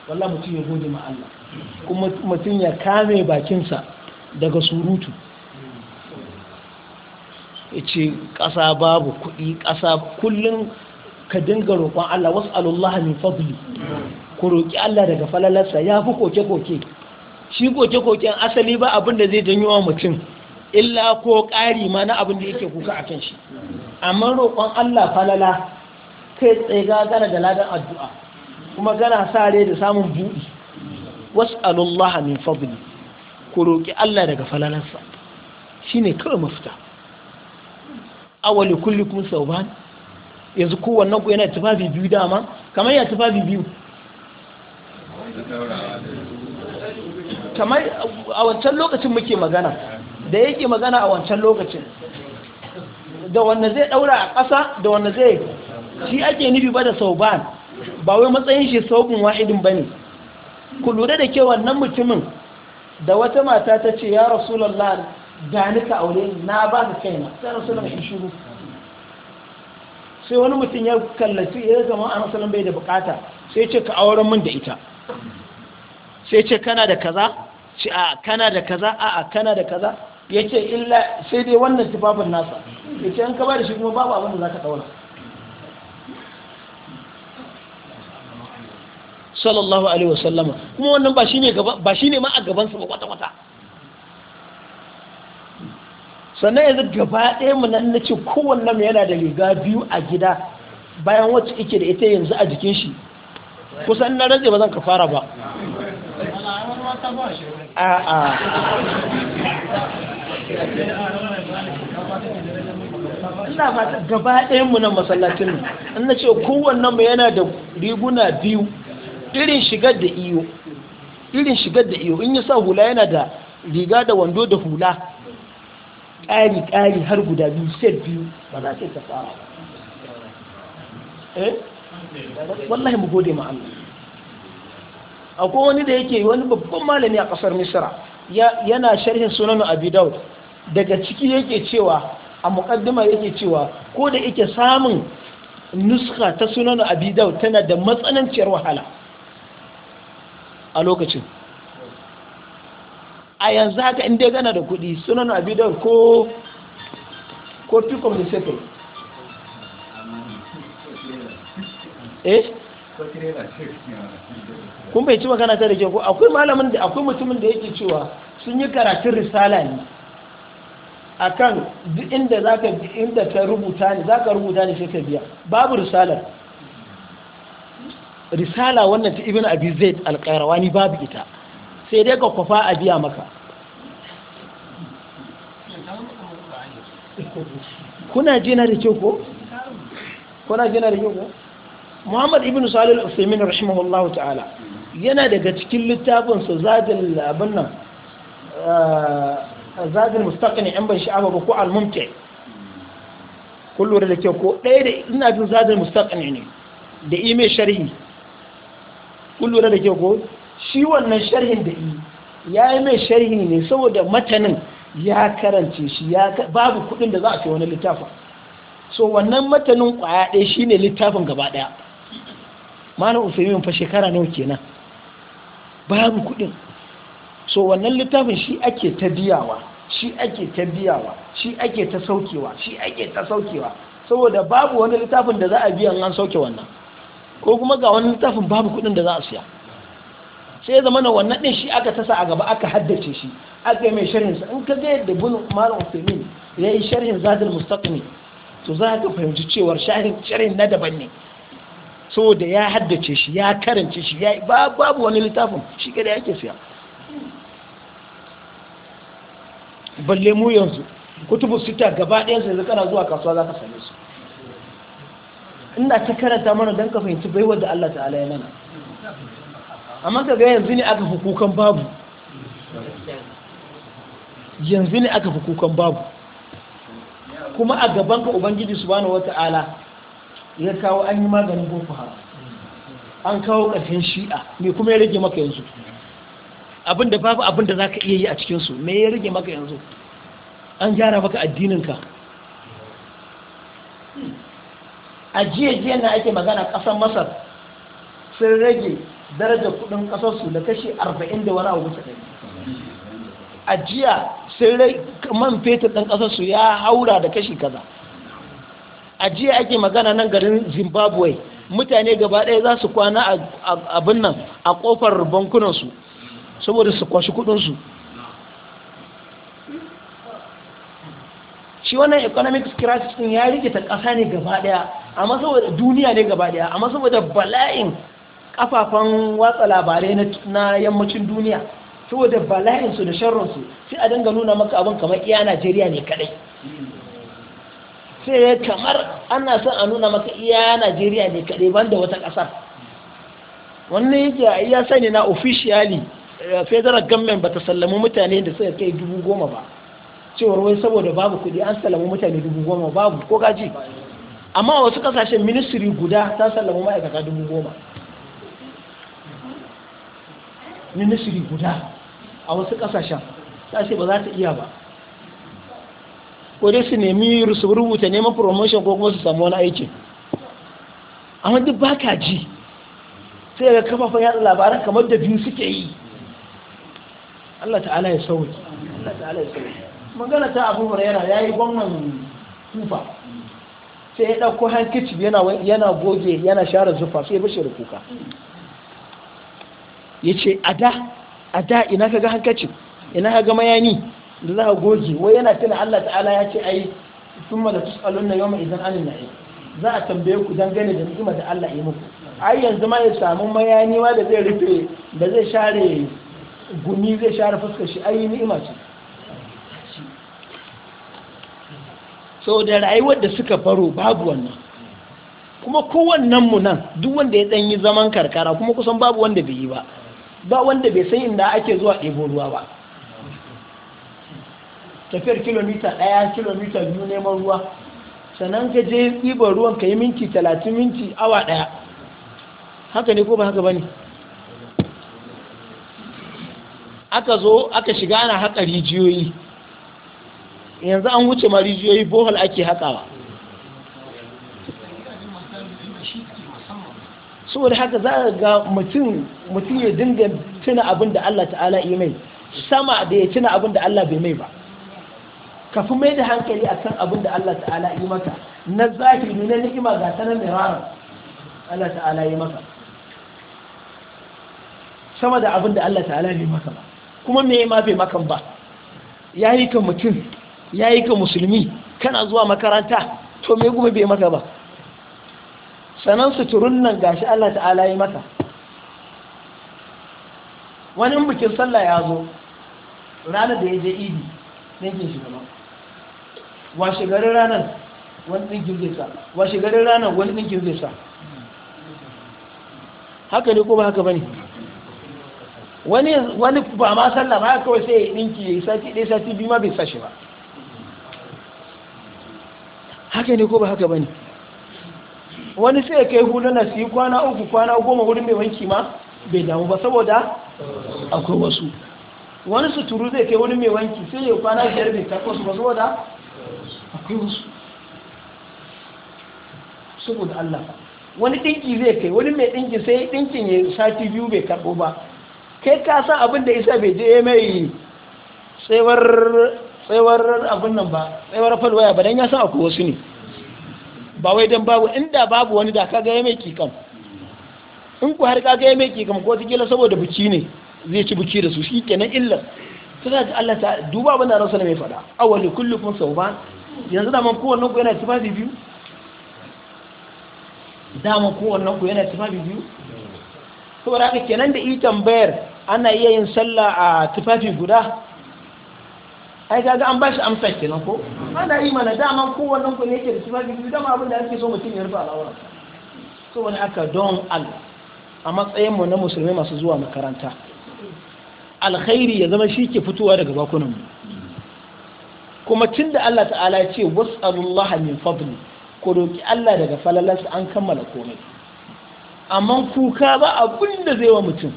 wallah mutum ya gode ma Allah kuma mutum ya kame bakinsa daga surutu ya ce ƙasa babu kuɗi ƙasa kullum ka dinga roƙon Allah wasu alullaha min fadli ku roƙi Allah daga falalarsa ya fi koke-koke shi koke-koken asali ba abin da zai janyo wa mutum illa ko ƙari ma na abin da yake kuka a kan shi amma roƙon Allah falala kai tsaye gagara da ladan addu'a kuma gana sa da samun buɗi alullaha min fadli ku roƙi Allah daga falalarsa shi ne kawai mafita awali kulli kun sauban yanzu kowanne ku yana tufafi biyu dama kamar ya tufafi biyu kamar a wancan lokacin muke magana da yake magana a wancan lokacin da wanda zai daura a ƙasa da wanda zai shi ake nufi ba da sau ba ba wai matsayin shi saubin wa'idin ba ne ku lura da ke wannan mutumin da wata mata ta ce ya rasulallah da ni ka aure na ba ka kaina sai shi shuru sai wani mutum ya kallaci ya zama a rasulallah bai da bukata sai ce ka auren min da ita sai ce kana da kaza ce a kana da kaza a a kana da kaza ya ce illa sai dai wannan tufafin nasa ya ce an kaba da shi kuma babu abin da za ka ɗaura sallallahu alaihi wasallama kuma wannan ba shi ba ma a gabansa ba kwata kwata sannan yanzu gaba ɗaya mu nan nace kowanne mu yana da riga biyu a gida bayan wacce yake da ita yanzu a jikin shi kusan na rage ba zan ka fara ba a'a ina fata gaba ɗayan mu nan masallacin nan in na ce kowannen mu yana da riguna biyu irin shigar da iyo irin shigar da iyo in ya sa hula yana da riga da wando da hula ƙari ƙari har guda biyu set biyu ba za ka yi ta fara ba eh wallahi mu gode ma Allah akwai wani da yake wani babban malami a kasar misra yana sharhin sunan abi daud daga ciki yake cewa a muqaddima yake cewa ko da yake samun nuska ta sunan abi daud tana da matsananciyar wahala a lokacin a yanzu haka inda gana da kuɗi sunan abi daud ko ko eh kun bai ci magana ta da ke ko akwai malamin da akwai mutumin da yake cewa sun yi karatun risala ne akan duk inda zaka inda ka rubuta ne zaka rubuta ne sai ka biya babu risalar risala wannan ta ibn abi zaid al-qayrawani babu ita sai dai ka kwafa a biya maka kuna jina da ke ko kuna jina da ke ko muhammad ibn salih al-usaimin rahimahullahu ta'ala yana daga cikin littafin sa zadil abin nan eh, zadil mustaqni in ban sha'aba ba ko al-mumti kullu da ke ko ɗaya da ina jin zadil mustaqni ne da mai sharhi kullu da ke ko shi wannan sharhin da yi ya yi mai sharhi ne saboda matanin ya karance shi babu kudin da za a ce wani littafin so wannan matanin kwaya ɗaya shine littafin gaba ɗaya malam usaimin fa shekara nawa kenan babu kudin so wannan littafin shi ake ta biyawa shi ake ta biyawa shi ake ta saukewa shi ake ta saukewa saboda babu wani littafin da za a biya an sauke wannan ko kuma ga wani littafin babu kudin da za a siya sai zama na wannan ɗin shi aka tasa a gaba aka haddace shi aka yi mai sharhinsa in ka ga yadda bin malam usaimin ya yi sharhin zadul mustaqim to za ka fahimci cewar sharhin na daban ne saboda ya haddace shi ya karance shi ya babu wani littafin shi da yake siya balle mu yanzu kutubu sita gaba ɗayansu yanzu kana zuwa kasuwa za ka same su ina ta karanta mana don ka fahimci bai wadda Allah ta'ala ya nana. amma ka ga yanzu ne aka fi kukan babu yanzu ne aka fi kukan babu kuma a gaban ka ubangiji subhanahu wata'ala ya kawo an yi maganin boko haram an kawo ƙarfin shi'a me kuma ya rage maka yanzu abin da babu abin da za ka iya yi a cikinsu me ya rage maka yanzu an gyara maka addininka a jiya na ake magana ƙasar masar sun rage daraja kudin ƙasarsu da kashi 40 da wani abu ta a jiya sun rage man fetur ɗin ƙasarsu ya haura da kashi kaza a jiya ake magana nan garin zimbabwe mutane gaba ɗaya za su kwana abin nan a ƙofar bankunansu saboda su kwashi kudinsu shi wannan economic crisis ɗin ya rikita ƙasa ne gaba ɗaya amma saboda duniya ne gaba ɗaya amma saboda bala'in kafafen watsa labarai na yammacin duniya saboda bala'insu da sharrinsu sai a dinga nuna maka abin kamar iya najeriya ne kadai sai kamar ana son a nuna maka iya najeriya ne kaɗai ban da wata ƙasar wannan yake ya sani na ofishiyali. Eh, federal government ba ta sallama mutane da suka kai dubu goma ba cewar wai saboda babu kuɗi an sallama mutane dubu goma babu ko gaji amma wasu kasashen ministry guda ta sallama ma'aikata dubu goma ministry guda a wasu kasashen ta ce ba za ta iya ba ko dai su nemi su rubuta neman promotion ko kuma su samu wani aiki amma duk ba ka ji sai ga kafafen yada labaran kamar da biyu suke yi Allah ta'ala ya sauri, Allah ta'ala ya sauki magana ta Abu Hurairah yi gwamnan Kufa sai ya ɗauko hankici yana yana goge yana share zufa sai ya bashi kuka da, a da ina kaga hankacin? ina kaga mayani da za goge wai yana tuna Allah ta'ala ya ce ai sun mala tus'alun na yawon idan an na'i za a tambaye ku gane da ni'imar da Allah ya muku ai yanzu ma ya samu mayani ma da zai rufe da zai share gumi zai share fuskar shi ai ni'ima ce so da rayuwar da suka faro babu wannan kuma kowannen mu nan duk wanda ya danyi zaman karkara kuma kusan babu wanda bai yi ba ba wanda bai san inda ake zuwa ɗebo ruwa ba tafiyar kilomita ɗaya kilomita biyu neman ruwa sannan ka je ɗibar ruwan ka yi minti talatin minti awa ɗaya haka ne ko ba haka ba ne aka zo aka shiga ana haka rijiyoyi yanzu an wuce ma rijiyoyi bohol ake haƙawa saboda haka za a ga mutum ya dinga tuna abin da Allah ta'ala yi mai sama da ya tuna abin da Allah bai mai ba ka fi mai da hankali a san abin da Allah ta'ala yi maka na zahiri na ni'ima ga sanar rara Allah ta'ala yi maka sama da abin da Allah ta'ala yi maka ba kuma me ma bai makan ba ya yi ka mutum ya yi ka musulmi kana zuwa makaranta to me kuma bai maka ba sanan suturun nan gashi Allah ta'ala yi maka wani bikin sallah ya zo ranar da ya je idi ne ke shi gaba washe garin ranar wani ɗinkin zai sa washe garin ranar wani ɗinkin zai sa haka ne ko ba haka ba ne wani ba ma sallah ba haka kawai sai ɗinki ya yi sati ɗaya sati biyu ma bai sashi ba haka ne ko ba haka ba ne wani sai ya kai na su yi kwana uku kwana goma wurin mai wanki ma bai damu ba saboda akwai wasu wani suturu zai kai wani mai wanki sai ya kwana biyar bai takwasu ba saboda akwai wasu saboda Allah wani dinki zai kai wani mai dinki sai dinkin ya sati biyu bai karbo ba kai ka san abin da isa bai je ya mai tsawar abin nan ba tsawar falwaya ba dan ya san akwai wasu ne ba wai don babu inda babu wani da kaga ya mai kikan in ku har kaga ya mai kikan ko tikila saboda buci ne zai ci buci da su shi kenan illa sai Allah ta duba abin da na mai faɗa awali kullukum ba. yanzu damar kowannen ku yana tufafi biyu damar kowannen ku yana tufafi biyu saboda haka kenan da yi tambayar ana iya yin sallah a tufafi guda ai ga an bashi amsa kenan ko ana yi mana damar kowannen ku ne ke da tufafi biyu dama abin da ake so mutum ya rufe so wani aka don Allah a matsayin mu na musulmi masu zuwa makaranta alkhairi ya zama shi ke fitowa daga bakunan mu kuma tun da Allah ta'ala ya ce was'alullaha min fadli ko roki Allah daga falalarsa an kammala komai amma kuka ba abin da zai wa mutum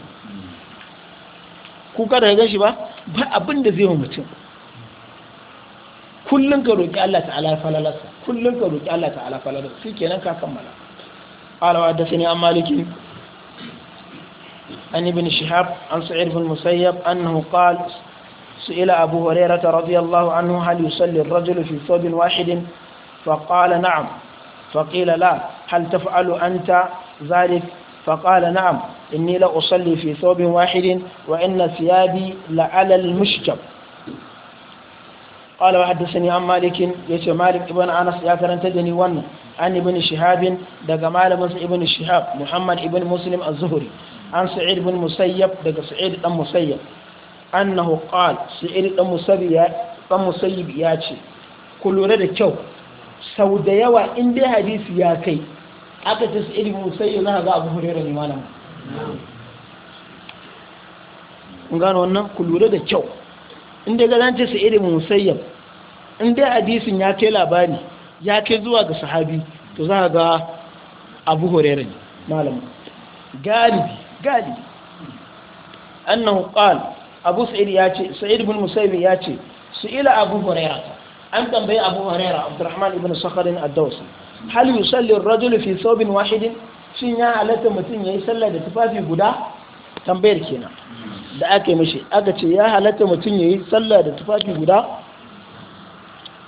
kuka daga gashi ba ba abin da zai wa mutum kullum ka roƙi Allah ta'ala falalarsa kullum ka roƙi Allah ta'ala falalarsa shi kenan ka kammala alawa da sani an maliki an ibn shihab an sa'id bin musayyab annahu qala سئل أبو هريرة رضي الله عنه هل يصلي الرجل في ثوب واحد فقال نعم فقيل لا هل تفعل أنت ذلك فقال نعم إني لأصلي في ثوب واحد وإن ثيابي لعلى المشجب قال وحدثني عن مالك يتي مالك ابن أنس يا ترنتدني ون عن ابن شهاب دق مالك ابن شهاب محمد ابن مسلم الزهري عن سعيد بن مسيب دق سعيد بن مسيب annahu qal sa'id dan musabi ya dan musayyib ya ce ku lura da kyau sau da yawa in dai hadisi ya kai aka ce shi ibn musayyib za ga abu hurairah ne malam kun gano wannan ku lura da kyau in dai ga zan ce shi ibn musayyib in dai hadisin ya kai labari ya kai zuwa ga sahabi to za ga abu hurairah ne malam galibi galibi annahu qala abu sa'id ya ce sa'id ibn musayib ya ce su ila abu ta an tambayi abu huraira abdurrahman ibn sakharin ad-dawsi hal yusalli ar-rajulu fi thawbin wahidin shin ya halatta mutum yayi sallah da tufafi guda tambayar kenan da aka yi mishi aka ce ya halatta mutum yayi sallah da tufafi guda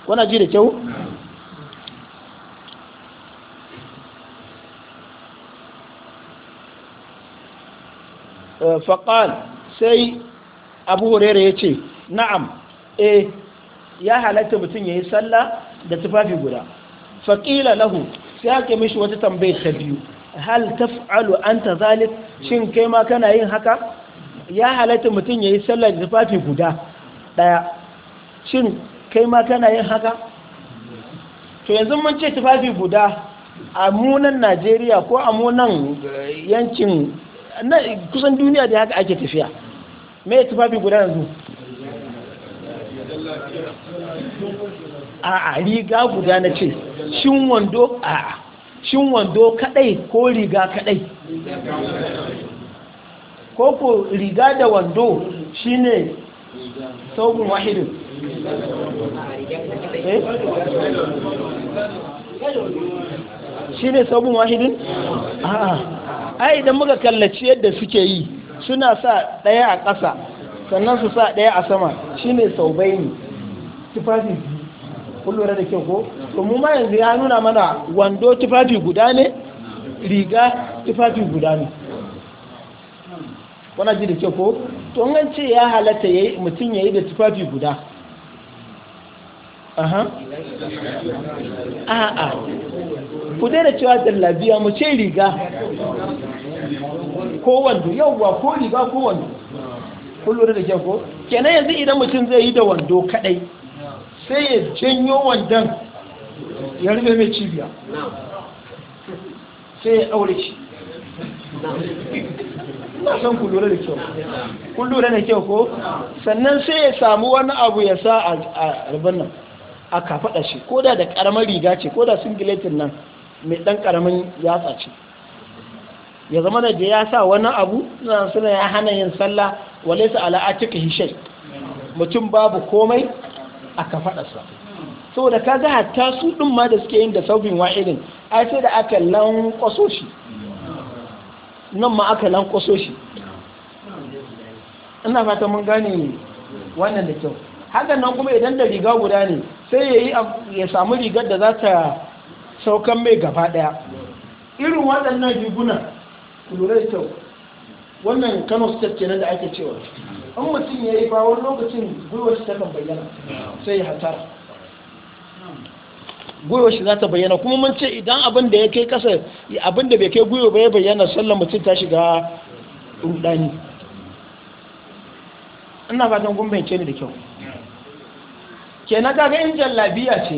kuna ji da kyau فقال eh, sai abu Hurera ya ce na'am eh ya halatta mutum ya yi sallah da tufafi guda faƙila lahu sai ake mishi wata tambayi ta biyu hal taf'alu anta zalik shin kai ma kana yin haka ya halatta mutum ya yi sallah da tufafi guda ɗaya shin kai ma kana yin haka to yanzu mun ce tufafi guda a munan najeriya ko a munan yankin kusan duniya da haka ake tafiya me tufafi guda yanzu a'a riga guda na ce shin wando a'a shin wando kadai ko riga kadai ko ko riga da wando shine saubun wahidin eh? shine a a ai idan muka kallaci yadda suke yi suna sa ɗaya a ƙasa sannan su sa ɗaya a sama Shi ne sau ne tufafi kullum da kyau ko domin ma yanzu ya nuna mana wando tufafi guda ne riga tufafi guda ne wana ji da kyau ko to an ce ya halatta yi mutum yi da tufafi guda aha a'a ku da cewa dallabiya mu ce riga ko wando yawwa ko riga ko wando da ke ko kenan yanzu idan mutum zai yi da wando kadai sai ya janyo wandon ya rufe mai cibiya sai ya daure shi na san kullum da kyau Kullum lura da kyau ko sannan sai ya samu wani abu ya sa a rubin nan a kafaɗa shi ko da da ƙaramin riga ce ko da singiletin nan mai ɗan ƙaramin yatsa ce ya zama da ya sa wani abu suna suna ya hana yin sallah wale su ala hishai mutum babu komai a kafaɗarsa saboda ka ga hatta su ɗin ma da suke yin da saufin wa'idin ai sai da aka lankwaso shi nan ma aka lankwaso shi ina fata mun gane wannan da kyau hakan nan kuma idan da riga guda ne sai ya samu rigar da za ta saukan mai gaba ɗaya irin waɗannan riguna lura da kyau wannan kano state kenan da ake cewa an mutum ya yi bawon lokacin gwiwar shi takan bayyana sai ya hatara gwiwar shi za ta bayyana kuma mun ce idan abin da ya kai kasa abin da bai kai gwiwa ba ya bayyana sallan mutum ta shiga rudani ina ba don gumbin ce ni da kyau kenan kaga in jallabiya ce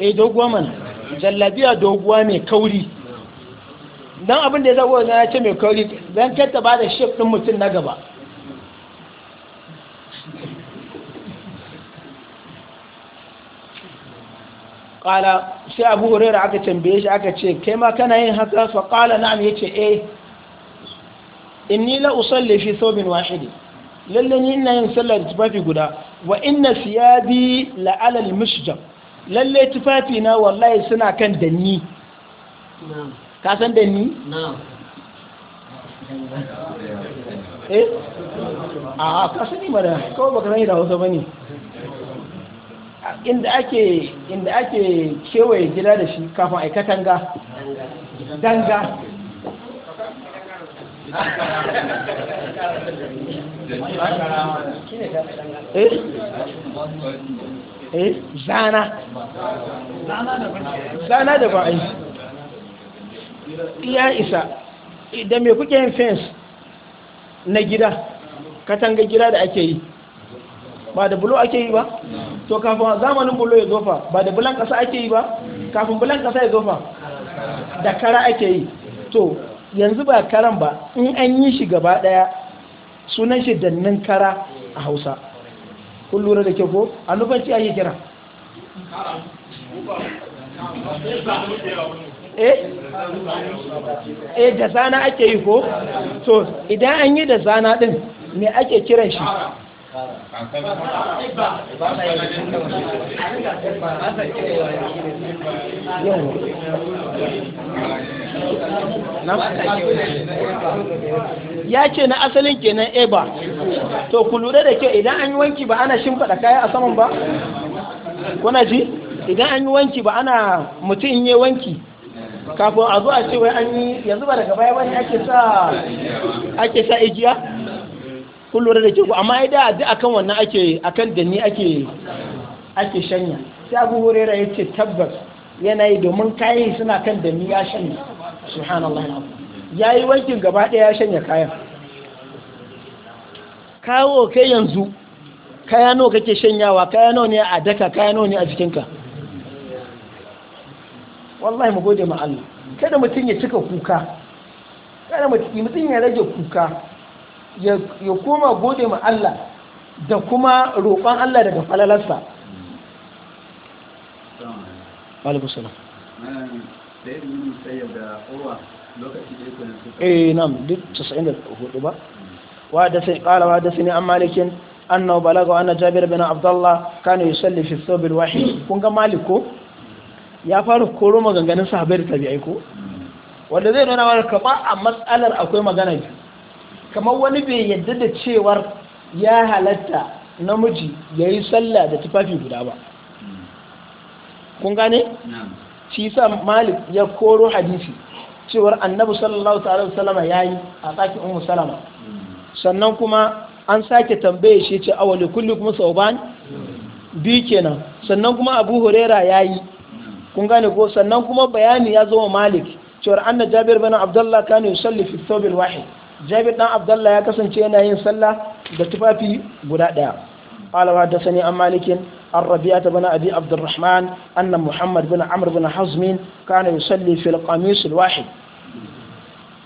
eh doguwa man jallabiya doguwa mai kauri don abin da ya zagowa na ce mai kauri don kenta ba da shef ɗin mutum na gaba ƙala sai abu hurera aka tambaye shi aka ce kai ma kana yin haka fa ƙala na'am ya ce eh inni la usalli fi thawbin wahidi lalle Lallani ina yin sallar tufafi guda wa inna siyabi bi la'alal al-musjab lalle tufafi na wallahi suna kan danni ka san danni eh a ka sani mara kawai baka sani da hausa ba ne inda ake inda ake kewaye gida da shi kafin aikatanga danga eh zana zana da ba a yi iya isa idan eh, mai kuke yin fence na gida katanga gida da ake yi ba da bulo ake yi ba to kafin zamanin bulo ya zofa ba da bulan kasa ake yi ba kafin bulan kasa ya zofa da kara ake yi to yanzu ba karan ba in an yi shi gaba daya sunan shi dannin kara a hausa kun lura da kyau ko a nufanci ake kira eh, eh da zana ake yi ko so idan an yi da zana din me ake kiran shi ya ce na asalin kenan eba to ku lura da kyau idan an yi wanki ba ana shimfada kaya a saman ba kuna ji idan an yi wanki ba ana mutum yi wanki kafin a zuwa cewa ce wai an yi yanzu ba daga baya bane ake sa ake sa igiya kun lura da ke ku amma idan duk akan wannan ake akan danni ake ake shanya sai abu hurera ya ce tabbas yana yi domin kayan suna kan ni ya shanya subhanallah ya yi wankin gaba daya ya shanya kayan kawo kai yanzu kaya nawa kake shanyawa kaya nawa ne a daka kaya nawa ne a jikinka wallahi mu gode ma Allah kada mutum ya cika kuka kada mutum ya rage kuka ya kuma gode ma Allah da kuma roƙon Allah daga falalarsa eh nam duk 94 ba wa wa an malikin annahu balagha anna jabir bin abdullah kana yusalli fi thawb alwahid kun ga maliko ya fara koro maganganun sahabbai da tabi'ai ko wanda zai nuna mana kaba a matsalar akwai magana biyu kamar wani bai yadda da cewar ya halatta namiji ya yi sallah da tufafi guda ba kun gane? shi sa malik ya koro hadisi cewar annabi sallallahu ta'ala salama ya yi a tsakin umu salama sannan kuma an sake tambaye shi ce awali kulli kuma sauban bi kenan sannan kuma abu huraira ya yi kun gane ko sannan kuma bayani ya zo malik cewar anna jabir bin abdullah kana yusalli fi thawbil wahid jabir dan abdullah ya kasance yana yin sallah da tufafi guda daya qala wa dasani an malikin الربيعة بن أبي عبد الرحمن أن محمد بن عمرو بن حزم كان يصلي في القميص الواحد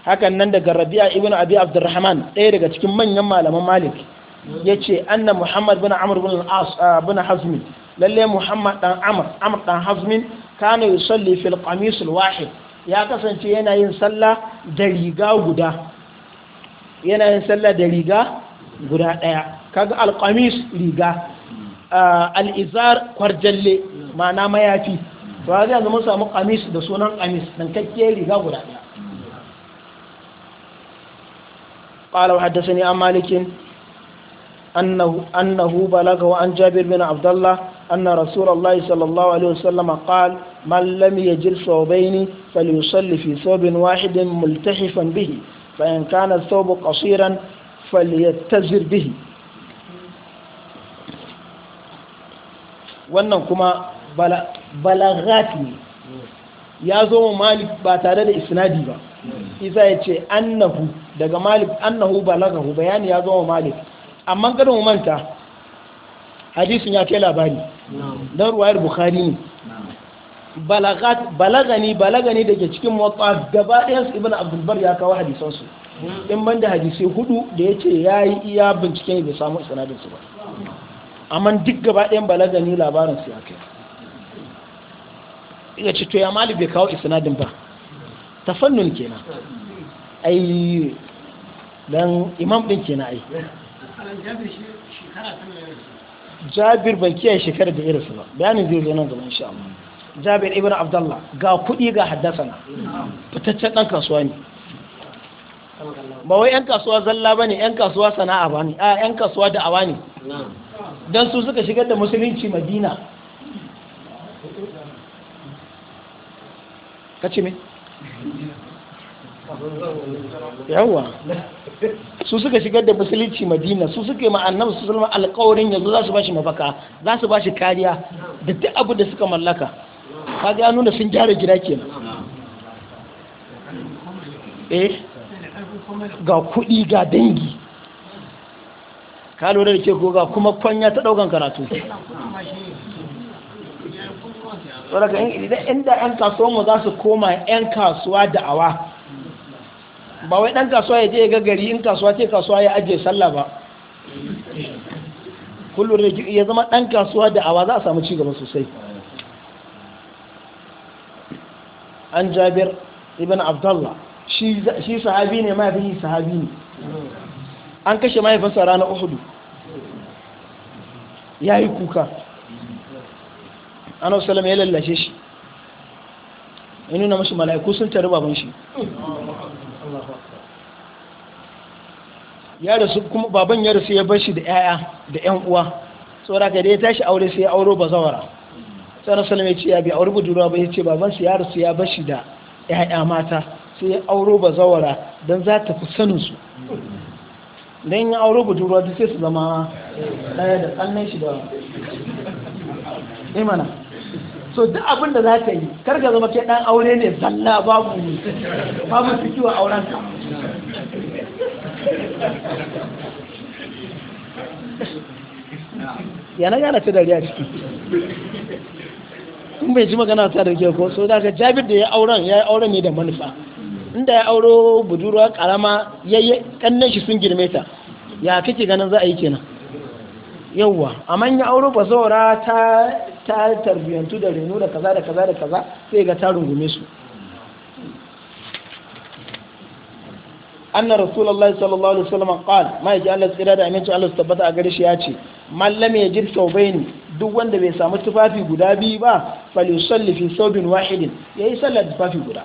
hakan nan daga rabi'a ibn abi rahman ɗaya daga cikin manyan malaman malik ya ce anna muhammad bin amr bin as ah, bin hazmi lalle muhammad dan amr amr dan hazmin kana yusalli fil qamis al wahid ya kasance yana yin sallah da riga guda yana yin salla da riga guda ɗaya kaga alƙamis riga al'izar kwarjalle ma'ana mayafi ba zai zama samu ƙamis da sunan ƙamis don kakke riga guda ɗaya ƙalau haddasa ne an malikin annahu balaga wa an jabir bin na anna rasulallah sallallahu alaihi wasallam qala man lam yajil sawbayni falyusalli fi sawbin wahidin multahifan bihi فإن كان الثوب قصيرا فليتزر به wannan kuma balaghat ne ya zo mu malik ba tare da isnadi ba isa ya ce annahu daga malik annahu balagahu bayani ya zo mu malik amma kada mu manta hadisin ya kai labari don ruwayar bukhari ne balagat balagani balagani da ke cikin motsa gaba ɗayansu ibn abdulbar ya kawo hadisansu in ban da hadisai hudu da ya ce ya yi iya binciken bai samu sanadinsu ba amma duk gaba ɗayan balagani su ya kai ya ce to ya malu bai kawo isanadin ba ta fannin kenan ai dan imam din kenan ai jabir ban kiyaye shekarar da irinsu ba bayanin zai zo nan gaba insha Allah jabir ibn abdullah ga kuɗi ga haddasana fitaccen ɗan kasuwa ne ba wai 'yan kasuwa zalla ba ne 'yan kasuwa sana'a ba ne a 'yan kasuwa awa ne don su suka shigar da musulunci madina ka ce me? yawwa su suka shigar da musulunci madina su suka yi ma'annan su zama alkawarin yanzu za su ba shi mafaka za su ba shi kariya da duk abu da suka mallaka kaga an nuna sun gyara gida kenan eh ga kuɗi ga dangi ka lura da ke ko ga kuma kwanya ta ɗaukan karatu saboda inda 'yan kasuwanmu za su koma 'yan kasuwa da'awa ba wai ɗan kasuwa ya je ga gari in kasuwa ce kasuwa ya ajiye sallah ba kullum ya zama ɗan kasuwa da'awa za a samu cigaba sosai an jabir ibn abdullah shi sahabi ne yi sahabi ne an kashe mahaifinsa ranar uhudu ya yi kuka ana ya lallashe shi ya nuna mashi mala'iku sun tari baban shi ya rasu kuma baban ya rasu ya bar shi da 'ya'ya da 'yan uwa saboda ka da ya tashi aure sai ya auro bazawara sanar salim ya ce ya biya, auri budurwa ba ya ce su ya rasu ya bashi da ya'ya mata sai ya auro ba zawara don za ta fi saninsu don ya auro budurwa duk sai su zama daya da tsannan shi da imana so duk abin da za ta yi karga zama kai ɗan aure ne zalla babu ne babu su kiwa auren ka yana gana ta dariya ciki in bai ji magana ta da ko so da ka jabir da ya auren ya yi auren ne da manufa inda ya auro budurwa karama yi kannan shi sun girme ta ya kake ganin za a yi kenan yauwa amma ya auro ba ta ta tarbiyantu da reno da kaza da kaza da kaza sai ga ta rungume su anna rasulullahi sallallahu alaihi wasallam qal ma yaji Allah tsira da aminci Allah tabbata a gare shi ya ce man lam yajid thawbayn duk wanda bai samu tufafi guda biyu ba falyusalli fi thawbin wahidin yayi sallar tufafi guda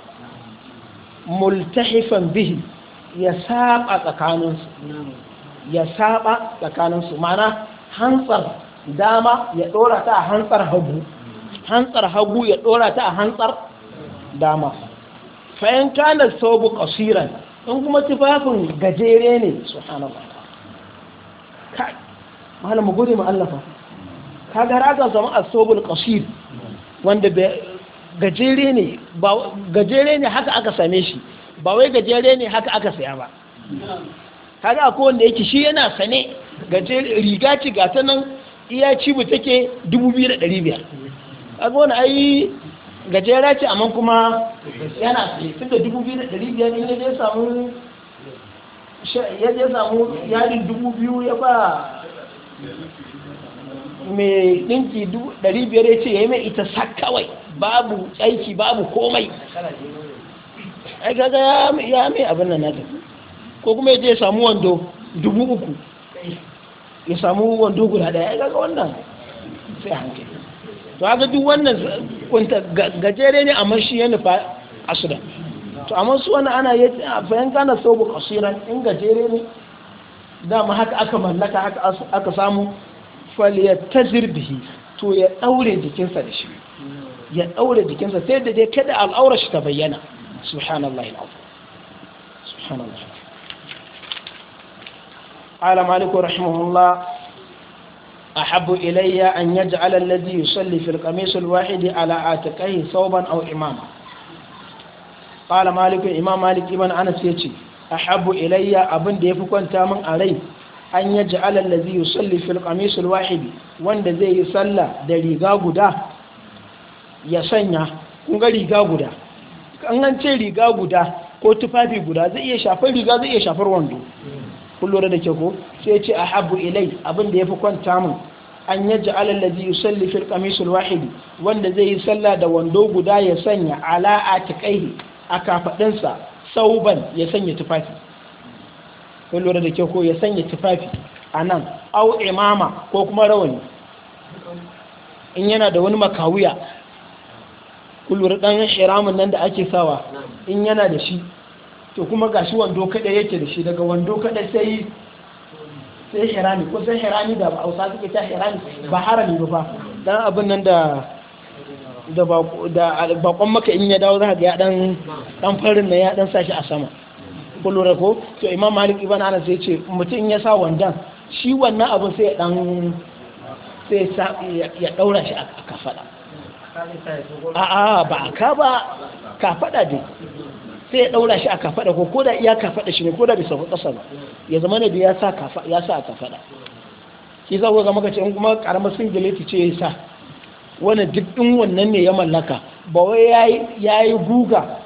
multahifan bihi ya saɓa tsakanin su ya saba tsakanin ma'ana hantsar dama ya dora a hantsar hagu hagu ya ɗorata a hantsar dama fa in kana sun kuma tufafin gajere ne su hana ba mu gode mu ma'allafa fa kaga raga zama sobul kashir wanda gajere ne ba gajere ne haka aka same shi ba wai gajere ne haka aka saya ba ga akwai wanda yake shi yana sane gajere riga ci gata nan iya ci mu take 2500 kaga wani ayi gajera ce amma kuma yana tsaye tun da dubu biyu da ɗari biyar ne ya samu ya je samu dubu biyu ya ba mai ɗinki ɗari biyar ya ce ya yi mai ita sa kawai babu aiki babu komai ai gaga ya mai abin nan nata ko kuma ya je ya samu wando dubu uku ya samu wando guda daya ya gaga wannan sai hankali to haka duk wannan gajere ne amma shi ya nufa ashirin to amma su wani ana yi bayan gane sau bu kasiran in gajere ne dama haka aka mallaka haka aka samu ta zirbihi to ya daure jikinsa da shi ya daure jikinsa sai da dai kada al'aurar shi ta bayyana subhanallahi al'azim subhanallahi قال مالك رحمه الله أحب إلي أن يجعل الذي يصلي في القميص الواحد على عاتقيه ثوبا أو إماما قال مالك إمام مالك ابن أنس يتي أحب إلي أبن ديفكون تامن علي أن يجعل الذي يصلي في القميص الواحد وان زي يصلى دلي غدا يسنى kunga riga guda an ce riga guda ko tufafi guda zai iya shafar riga zai kun da ke ko sai ce a habu ilai abin da ya fi kwanta mun. an yaji alallazi salli fil kamisul wahidi wanda zai yi sallah da wando guda ya sanya ala atiqaihi a kafaɗinsa sauban ya sanya tufafi kun da ke ko ya sanya tufafi a nan au imama ko kuma rawani in yana da wani makawiya kun lura ɗan shiramin nan da ake sawa in yana da shi to kuma gashi wando kada yake da shi daga wando kada sai sai hirani ko sai hirani da ba hausa suke ta hirani ba harami ba fa dan abin nan da da bakon maka in ya dawo za ga ya dan dan farin na ya dan sashi a sama ko lura ko to imam malik ibn anas sai ce mutum ya sa wandan shi wannan abun sai ya dan sai ya daura shi a kafada a a ba ka ba fada dai sai ya daura shi a kafada ko koda iya kafada shi ne koda bisa kasa ba ya zama ne da ya sa a kafada shi za ku ga maka ce kuma karamar singileti ce ya sa wani duk din wannan ne ya mallaka ba wai yayi yayi guga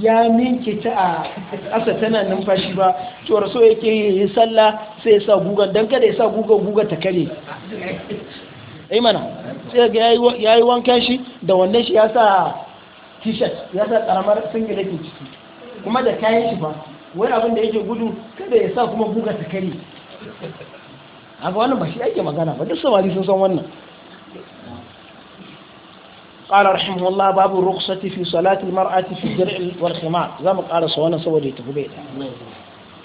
ya minke ta a ƙasa tana numfashi ba cewar so yake yi sallah sai ya sa guga don kada ya sa guga guga ta kare imana eh sai ga ya yi wankan shi da wannan shi ya sa t yasa ya sa karamar singa ciki kuma da kayan shi ba wani abin da yake gudu kada ya sa kuma buga ta kare a ba shi ake magana ba duk samari sun san wannan ƙarar himmullah babu rukusati fi salati mar'ati fi jari'il wal za mu ƙara sa wannan saboda ya tafi bai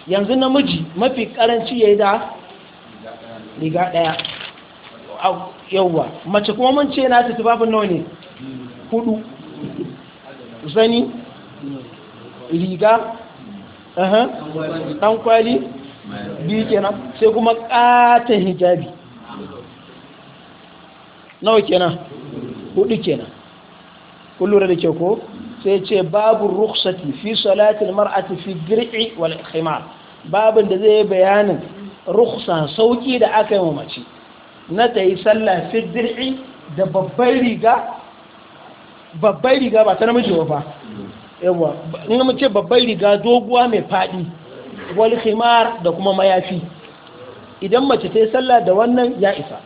yanzu namiji mafi karanci ya yi da riga ɗaya yauwa mace kuma mun ce na ta tubabin nau ne hudu zani riga ɗan kwali biyu kenan sai kuma ƙatan hijabi nawa kenan hudu kenan kun lura da ke ko sai ce babu rukhsati fi salatin mar'ati fi dir'i wal khimar babin da zai bayanin rukhsa sauki da aka yi wa mace na ta yi sallah fi dir'i da babbar riga babbar riga ba ta namiji ba yawa in mu ce babbar riga doguwa mai faɗi wal khimar da kuma mayafi idan mace ta yi sallah da wannan ya isa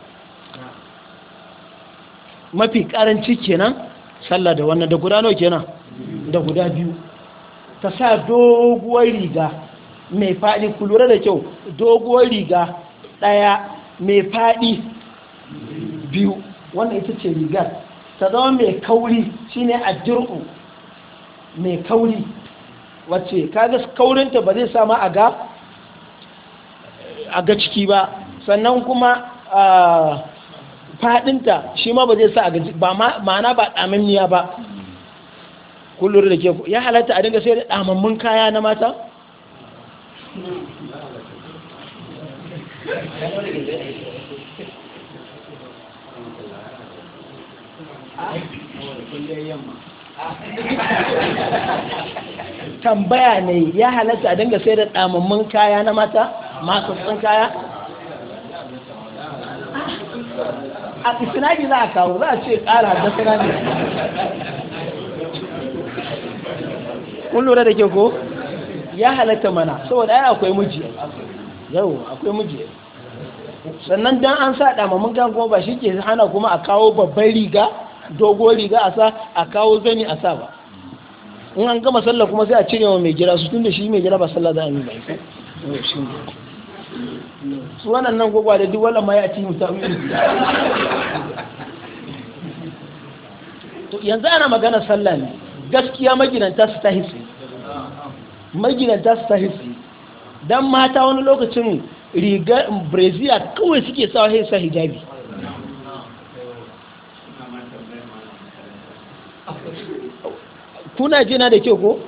mafi karanci kenan sallah da wannan da guda nawa kenan da guda biyu ta sa doguwar riga mai faɗi ku lura da kyau doguwar riga ɗaya mai faɗi biyu wannan ita ce rigar ta mai kauri shine ajru'u mai kauri wacce kaga kaurinta ba zai sama a ga ciki ba sannan kuma fadinta shi ma ba zai sa a ciki ba ma'ana ba ɗamammiya ba kullum da ke ya halatta a dinga sai da ɗamammun kaya na mata? tambaya ne ya halatta a dinga sai da damammun kaya na mata masu tsan kaya a isnadi za a kawo za a ce kara da sanani kun lura da ke ko ya halatta mana saboda ya akwai miji yau akwai miji sannan don an sa damammun kan kuma ba shi ke hana kuma a kawo babbar riga dogon riga a sa a kawo zani a sa ba in an gama sallah kuma sai a cire wa mai gida su tun da shi mai gida ba sallah za a yi ba su wannan nan gwagwa da duk wala ma ya ci mutum yanzu ana magana sallah ne gaskiya maginanta su ta hisi maginanta su ta hisi dan mata wani lokacin riga brazil kawai suke sawa sa hijabi kuna jina da kyau ko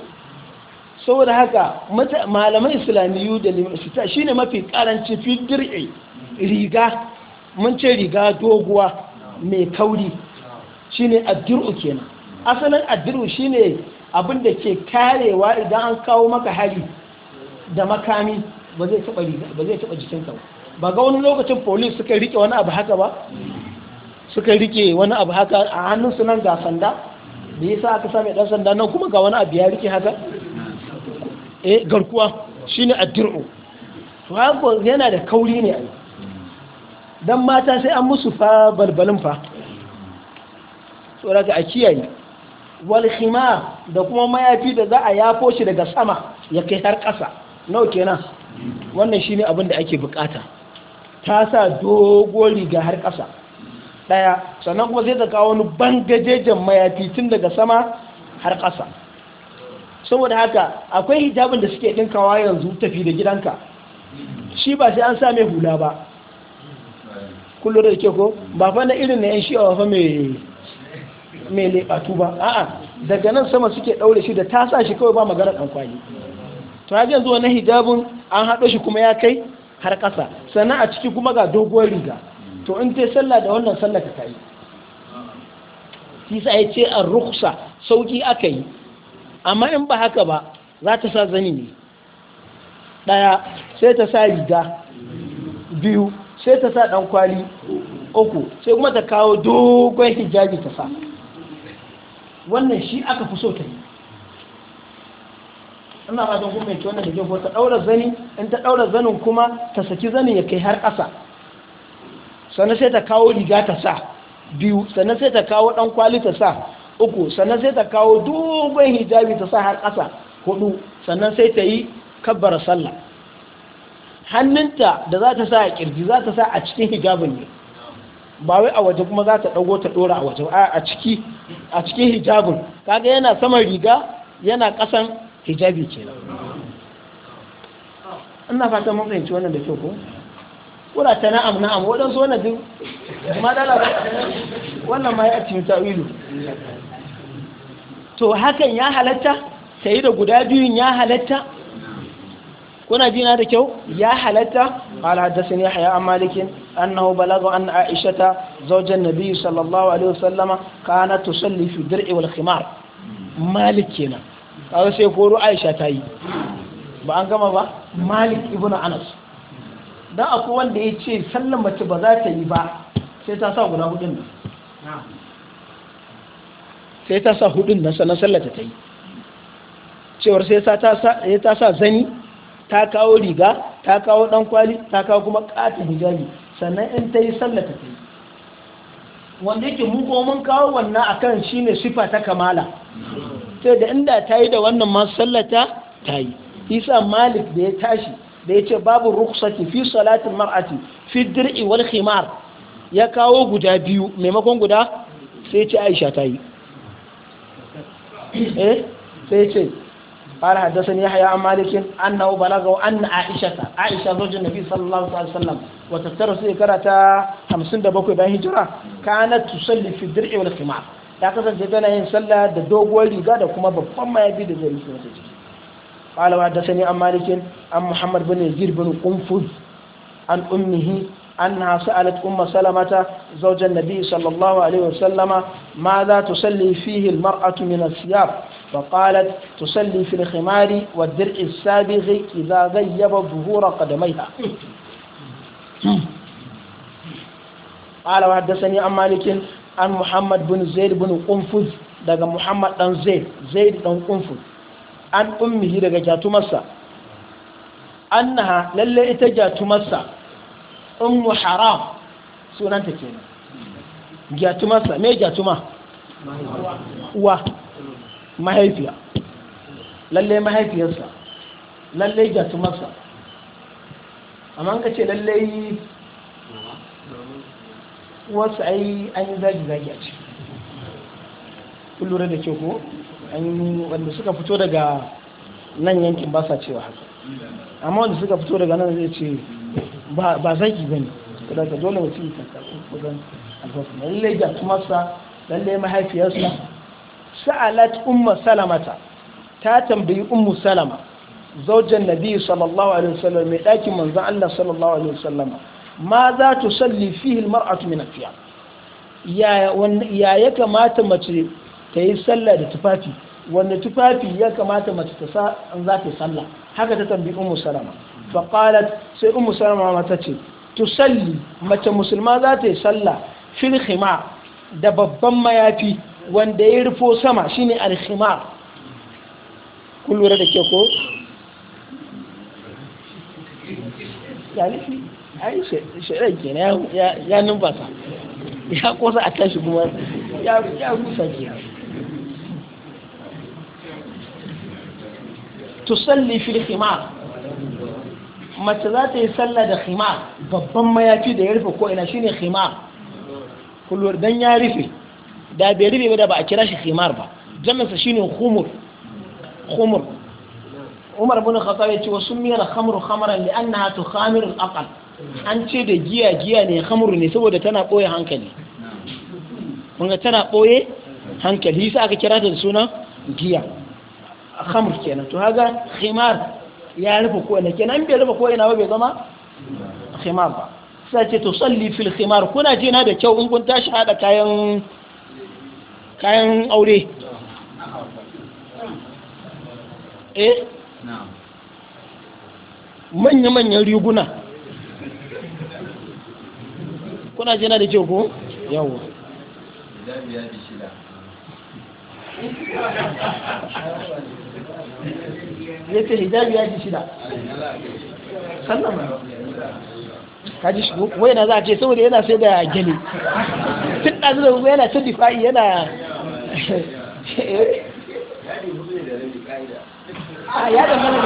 saboda haka malaman islamiyu da limita shi ne mafi karanci fi dir'i riga mun ce riga doguwa mai kauri shi ne addir'u kenan asalin addir'u shi ne abin ke karewa idan an kawo maka hari da makami ba zai taba jikinka ba ba ga wani lokacin polis suka rike wani abu haka ba suka rike wani abu haka a hannun sunan ga sanda me yasa aka sami dan sanda nan kuma ga wani abu ya rike haka eh garkuwa shine addu'u to haka yana da kauri ne dan mata sai an musu fa balbalin fa tsoraka a kiyaye wal khima da kuma mayafi da za a yafo shi daga sama ya kai har ƙasa nawa kenan wannan shine abin da ake bukata ta sa dogon riga har ƙasa daya sannan kuma zai ta kawo wani bangajejen mayafi tun daga sama har ƙasa saboda haka akwai hijabin da suke ɗinkawa yanzu tafi da gidanka shi ba sai an sa hula ba kullu da ke ko ba fa na irin na yan shi a fa mai mai leɓatu ba a'a daga nan sama suke ɗaure shi da ta sa shi kawai ba magana ɗan to haka yanzu wani hijabin an haɗo shi kuma ya kai har ƙasa sannan a ciki kuma ga doguwar riga to in ta sallah da wannan sallah ka yi, sisa ya ce a rukusa sauki aka yi amma in ba haka ba za ta sa zani ne ɗaya sai ta sa riga biyu sai ta sa ɗan kwali uku sai kuma ta kawo dogon hijabi ta sa wannan shi aka fi so ta yi ina ba don kuma yake wannan da jin ko ta ɗaura zani in ta ɗaura zanin kuma ta saki zanin ya kai har ƙasa sannan sai ta kawo riga ta sa biyu sannan sai ta kawo dan kwali ta sa uku sannan sai ta kawo dogon hijabi ta sa har ƙasa hudu sannan sai ta yi kabbara sallah hannunta da za ta sa a kirji za ta sa a cikin hijabin ne ba wai a waje kuma za ta dago ta ɗora a waje a ciki a cikin hijabin kaga yana saman riga yana kasan hijabi kenan ina fatan mun fahimci wannan da kyau ko kuna ta na'am na'am waɗansu wannan duk ma dala wannan ma ya cikin tawilu to hakan ya halatta sai da guda biyun ya halatta kuna jina da kyau ya halatta قال حدثني يحيى عن مالك أنه بلغ أن عائشة زوج النبي صلى الله wal وسلم Malik تصلي في sai ko مالك Aisha ta yi. Ba an gama ba? Malik ابن Anas. dan akwai wanda ya ce sallan mace ba za ta yi ba sai ta sa guda hudun nan sai ta sa hudun nan sannan sallata ta yi cewar sai ta sa zani ta kawo riga ta kawo dan kwali ta kawo kuma katin hijabi sannan in ta yi sallata ta yi wanda yake mu mun kawo wannan akan shine sifa ta kamala sai da inda ta yi da wannan ma sallata ta yi isa malik da ya tashi da ce babu rukhsati fi salati mar'ati fi dir'i wal khimar ya kawo guda biyu maimakon guda sai ce Aisha ta yi eh sai ce haddasa yace قال حدثني يحيى عن مالك انه بلغه ان عائشه عائشه زوج النبي صلى الله عليه وسلم وتفترس كرة 57 bayan hijira kanat tusalli fi dir'i wal khimar Ya kasance tana yin sallah da doguwar riga da kuma babban mayafi da zai rufe mata ciki قال وحدثني عن مالك عن محمد بن يزيد بن قنفذ عن أمه أنها سألت أم سلمة زوج النبي صلى الله عليه وسلم ماذا تصلي فيه المرأة من الثياب فقالت تصلي في الخمار والدرع السابغ إذا غيب ظهور قدميها قال وحدثني عن مالك عن محمد بن زيد بن قنفذ daga Muhammad dan Zaid Zaid dan Qunfuz an ummihi daga jatumarsa, annaha lalle ita jatumarsa ummu haram sunanta kenan jatumarsa me jatuma uwa mahaifiya lalle mahaifiyarsa lalle Jatumarsa, amma ka ce lalle wasu ai an yi zagi-zagi a ciki kullure lura da ke ko wanda suka fito daga nan yankin ba sa cewa haka amma wanda suka fito daga nan zai ce ba zaki bane kada ka dole mutum ka karɓi kudin alfasu lallai ga tumarsa lallai mahaifiyarsa sa'alat umma salamata ta tambayi ummu salama zaujan nabi sallallahu alaihi wasallam mai ɗakin manzon Allah sallallahu alaihi wasallam ma za ta salli fihi almar'atu min afiya ya ya kamata mace ta yi sallah da tufafi wanda tufafi ya kamata mace ta sa an za ta sallah haka ta tambayi ummu salama fa qalat sai ummu salama mata ce to salli mace musulma za ta yi sallah fil khima da babban mayafi wanda ya rufo sama shine al khima kun lura da ke ko yalifi ai shirin ke ya numfasa ya kosa a tashi kuma ya kusa ke tusalli fil khimar mace za ta yi sallah da khimar babban mayafi da ya rufe ko ina shine khimar kullur dan ya rufe da bai rufe ba da ba a kira shi khimar ba jamasa shine khumur khumur Umar bin Khattab ya ce wa sumiyar khamru khamran li'annaha tukhamiru al-aql an ce da giya giya ne khamru ne saboda tana boye hankali kun ga tana boye hankali sai aka kira ta da suna giya khamr kenan to haga khimar ya rufe ko ina kenan bai rufe ko ina ba bai zama khimar ba sai ce to salli fil khimar kuna ji na da kyau in kun tashi hada kayan kayan aure eh manya-manyan riguna kuna jina da kyau ko yawo shida ya ce hijabi ya ji shida ka ji shigo kuma yana za a ce saboda yana sai da gani tun ɗazu da kuma yana tun difa'i yana ya dangana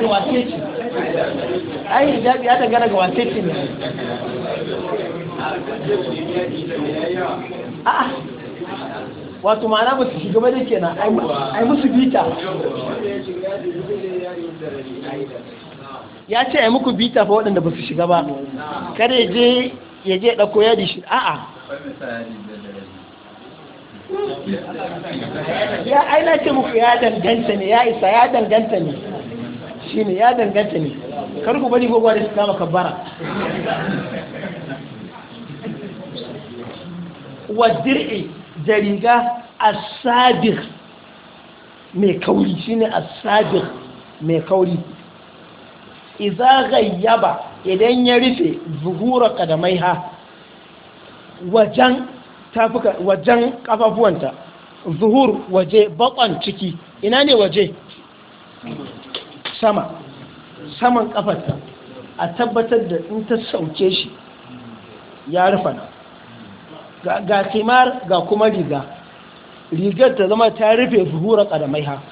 ga wace ya dangana ga wace ce wato ma'ana ba su shiga bane ne kenan ai musu bita ya ce ai muku bita fa waɗanda ba su shiga ba kare je ya je ɗauko yadi shi a'a ya aina ce muku ya danganta ne ya isa ya danganta ne shi ne ya danganta ne kar ku bari gogwa da su kama kabbara wa dir'i da riga asadir mai kauri shine asadir mai kauri iza gayyaba idan ya rufe zuhura kadamai wajen wajen kafafuwanta zuhur waje bakon ciki ina ne waje sama saman kafarta a tabbatar da in ta sauke shi ya rufa na ga kimar ga kuma riga rigar ta zama ta rufe zuhura kadamai ha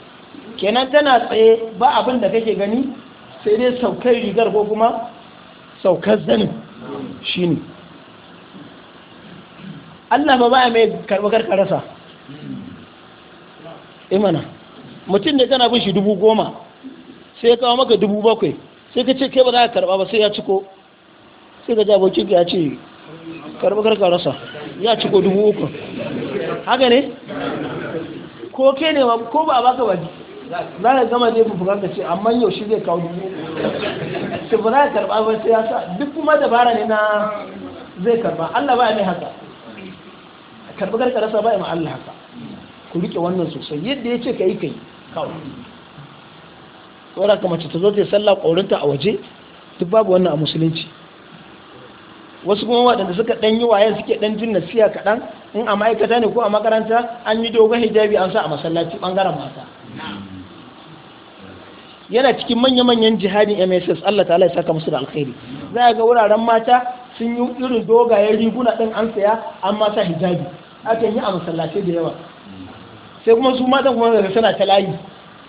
kenan tana tsaye ba abin da kake gani sai dai saukar rigar ko kuma saukar zanin ne Allah ba baya mai karɓar karasa imana eh mutum ne tana bin shi dubu goma sai ya kawo maka dubu bakwai sai ka ce kai ba za ka karɓa ba sai ya ciko sai ka jabo kika ya ce karbukarka karka rasa ya ci ko dubu uku haka ne ko ke ne ko ba baka ba za a gama ne bu ka ce amma shi zai kawo dubu uku shi ba za a karba ba sai ya sa duk kuma dabara ne na zai karba Allah ba ya mai haka karbukarka karka rasa ba ya ma Allah haka ku rike wannan sosai yadda ya ce ka yi kai kawai tsora kamar ta zo ta yi sallah ƙorinta a waje duk babu wannan a musulunci wasu kuma waɗanda suka ɗan yi waye suke ɗan jin nasiya kaɗan in a ma'aikata ne ko a makaranta an yi dogon hijabi an sa a masallaci ɓangaren mata yana cikin manya-manyan jihadin mss allah ta'ala ya saka musu da alkhairi za a ga wuraren mata sun yi irin dogayen riguna ɗin an saya an masa hijabi akan yi a masallaci da yawa sai kuma su matan kuma daga suna ta layi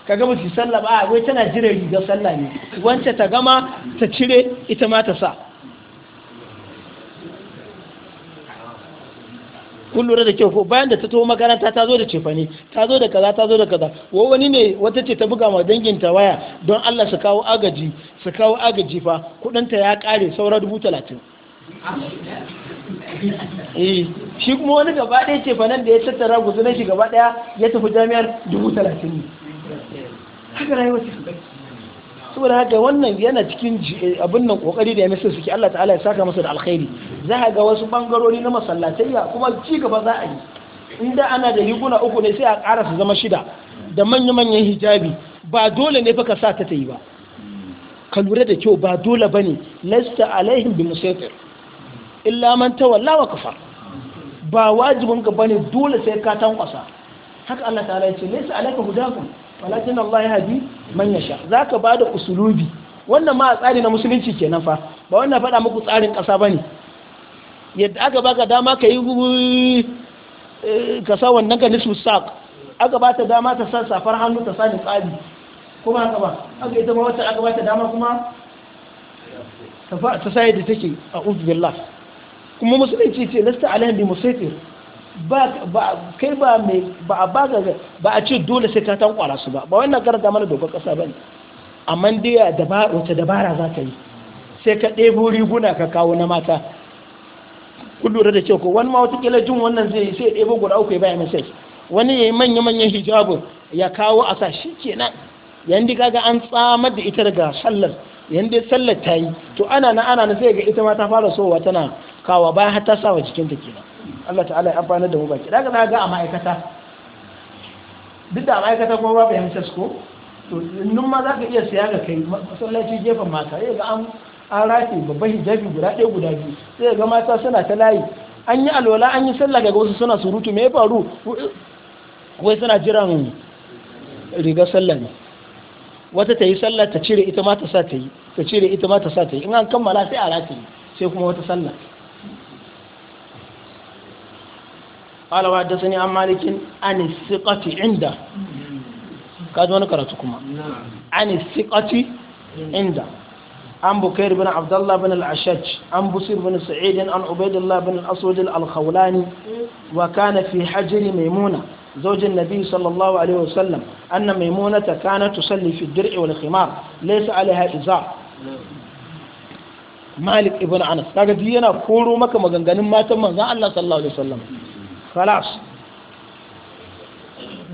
ka gama su sallah ba wai tana jiran rigar sallah ne wance ta gama ta cire ita ma ta sa kun lura da kyau ko bayan da ta taho makaranta ta zo da cefane ta zo da kaza ta zo da kaza wa wani ne wata ce ta buga ma ta waya don Allah su kawo agaji su kawo agaji fa ta ya kare saura dubu eh shi kuma wani gaba ɗaya cefanen da ya tattara guzunan shi gaba ɗaya ya tafi jami'ar dubu talatin ne haka rayuwar saboda haka wannan yana cikin eh, abin nan kokari da ya MSN suke Allah ta'ala ya saka masa da alkhairi za ka ga wasu bangarori na masallatayya kuma ci gaba za a yi inda ana da riguna uku ne sai a ƙara su zama shida da manya-manyan hijabi ba dole ne fa ka sa ta ta yi ba ka lura da kyau ba dole ba ne lasta alaihim bi musaitir illa man tawalla wa kafa ba wajibin ka bane dole sai ka tankwasa haka Allah ta'ala ya ce laysa alayka hudakum walakin Allah ya hadi man yasha zaka bada usulubi wannan ma a tsari na musulunci kenan fa ba wannan faɗa muku tsarin ƙasa bane yadda aka baka dama ka yi eh, ka sa wannan ka nisu sak aka ba ta dama ta sa safar hannu ta sani tsari kuma haka ba aka yi ma wata aka ba ta dama kuma ta sa yadda take a uzbillah kuma musulunci ce lasta alaihim bi musaitir ba kai ba mai ba a baga ba a ce dole sai ka tankwara su ba ba wannan garga mana dogon kasa ba ne amma dai wata dabara za ka yi sai ka ɗebo riguna ka kawo na mata kun lura da ce ko wani ma watakila jin wannan zai yi sai ɗebo guda uku ya baya message wani ya yi manya-manyan hijabin ya kawo a sa shi kenan yadda kaga an tsamar da ita daga sallar yadda sallar ta yi to ana na ana na sai ga ita ma ta fara sowa tana kawo bayan har ta sa wa jikinta kenan Allah ta'ala ya amfana da mu baki daga za ga a ma'aikata duk da a ma'aikata kuma babu yamcas sasko to nun ma za ka iya siya ga kai masallaci gefen mata ya ga an rafi babban hijabi guda ɗaya guda biyu sai ga mata suna ta layi an yi alwala an yi sallah ga wasu suna surutu me ya faru wai suna jiran rigar sallah ne wata ta yi sallah ta cire ita ma ta sa ta yi ta cire ita ma ta sa ta yi in an kammala sai a rafi sai kuma wata sallah قال وحدثني عن مالك عن الثقة عنده قد وانا قرأتكما عن الثقة عنده عن بكير بن عبد الله بن العشج عن بصير بن سعيد عن عبيد الله بن الأسود الخولاني وكان في حجر ميمونة زوج النبي صلى الله عليه وسلم أن ميمونة كانت تصلي في الدرع والخمار ليس عليها إزار مالك ابن أنس kaga duk yana koro maka maganganun matan manzon Allah sallallahu alaihi wasallam khalas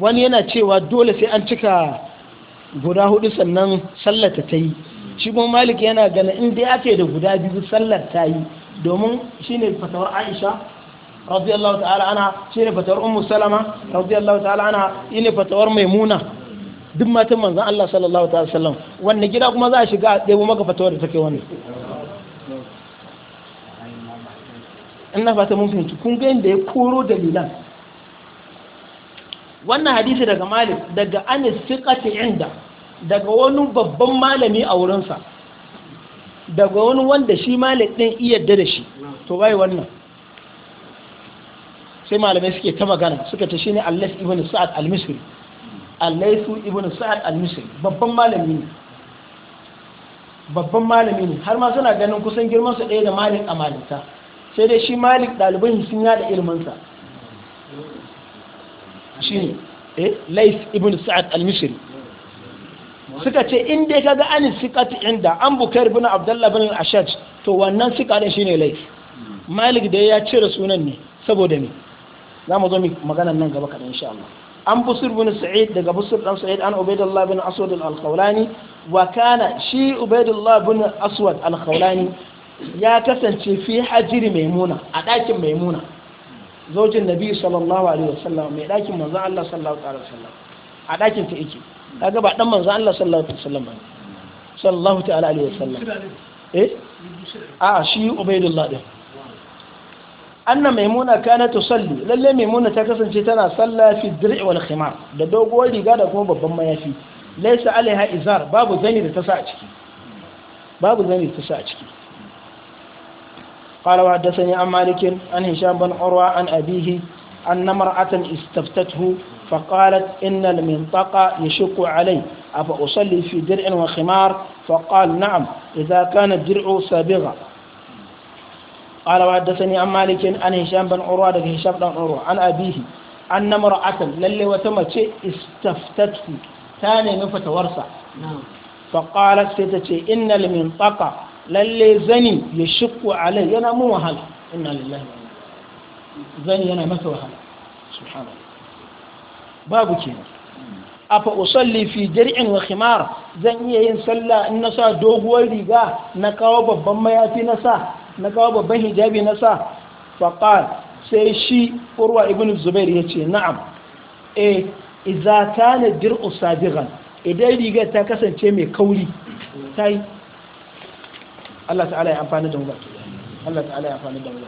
wani yana cewa dole sai an cika guda hudu sannan sallar ta yi shi maliki yana ganin in dai ake da guda biyu sallar ta yi domin shine fatawar aisha radiyallahu ta'ala ana shine fatawar Umar salama radiyallahu ta'ala ana shine fatawar maimuna duk matan manzon Allah sallallahu ta'ala sallam wanne gida kuma za a shiga a ɗebo maka fatawar da take wani ina fata mun fahimci kun ga yadda ya koro dalilan wannan hadisi daga malik daga anis siqati inda daga wani babban malami a wurinsa daga wani wanda shi malik din iya da shi to bai wannan sai malamai suke ta magana suka ta shine Allah ibn Sa'ad al-Misri Allah ibn Sa'ad al-Misri babban malami ne babban malami ne har ma suna ganin kusan girman su ɗaya da malik a malinta sai dai shi malik ɗaliban sun yada ilminsa shi ne eh, lais ibn sa'ad al-mishri suka ce in dai kaga an sikati inda an bukar bin abdullah bin al-ashaj to wannan suka ne shine lais malik da ya cire sunan ne saboda ne za mu zo mu magana nan gaba kaɗan insha Allah an busur bin sa'id daga busur dan sa'id an ubaidullah ibn aswad al-khawlani wa kana shi ubaidullah ibn aswad al-khawlani ya kasance fi hajiri Muna a ɗakin maimuna Zojin nabi sallallahu alaihi wasallam mai ɗakin manzo Allah sallallahu alaihi wasallam a ɗakin ta yake kaga ba ɗan manzo Allah sallallahu alaihi wasallam ba sallallahu ta'ala alaihi wasallam eh a shi ubaidullah din anna maimuna kana tusalli lalle maimuna ta kasance tana salla fi dir'i wal khimar da doguwar riga da kuma babban mayafi laysa alaiha izar babu zani da ta sa a ciki babu zani da ta sa a ciki قال وحدثني عن مالك عن هشام بن عروة عن أبيه أن امرأة استفتته فقالت إن المنطقة يشق علي أفأصلي في درع وخمار فقال نعم إذا كان الدرع سابغا قال وحدثني عن مالك عن هشام بن عروة عن هشام بن عروة عن أبيه أن امرأة للي وتمت استفتته تاني من فتورسة نعم. فقالت ستتي إن المنطقة lalle zani ya shukku alai yana mun wahala inna lillahi wa zani yana masa wahala subhanallah babu kenan afa usalli fi jar'in wa khimar zan iya yin sallah in na sa doguwar riga na kawo babban mayafi na sa na kawo babban hijabi na sa qal sai shi urwa ibnu zubair yace na'am eh idza kana dir'u sadigan idan riga ta kasance mai kauri sai الله تعالى يعفانا دوما الله تعالى يعفانا دوما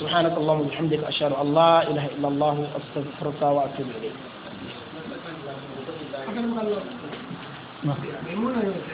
سبحانك اللهم وبحمدك أشهد أن لا إله إلا الله أستغفرك وأتوب إليك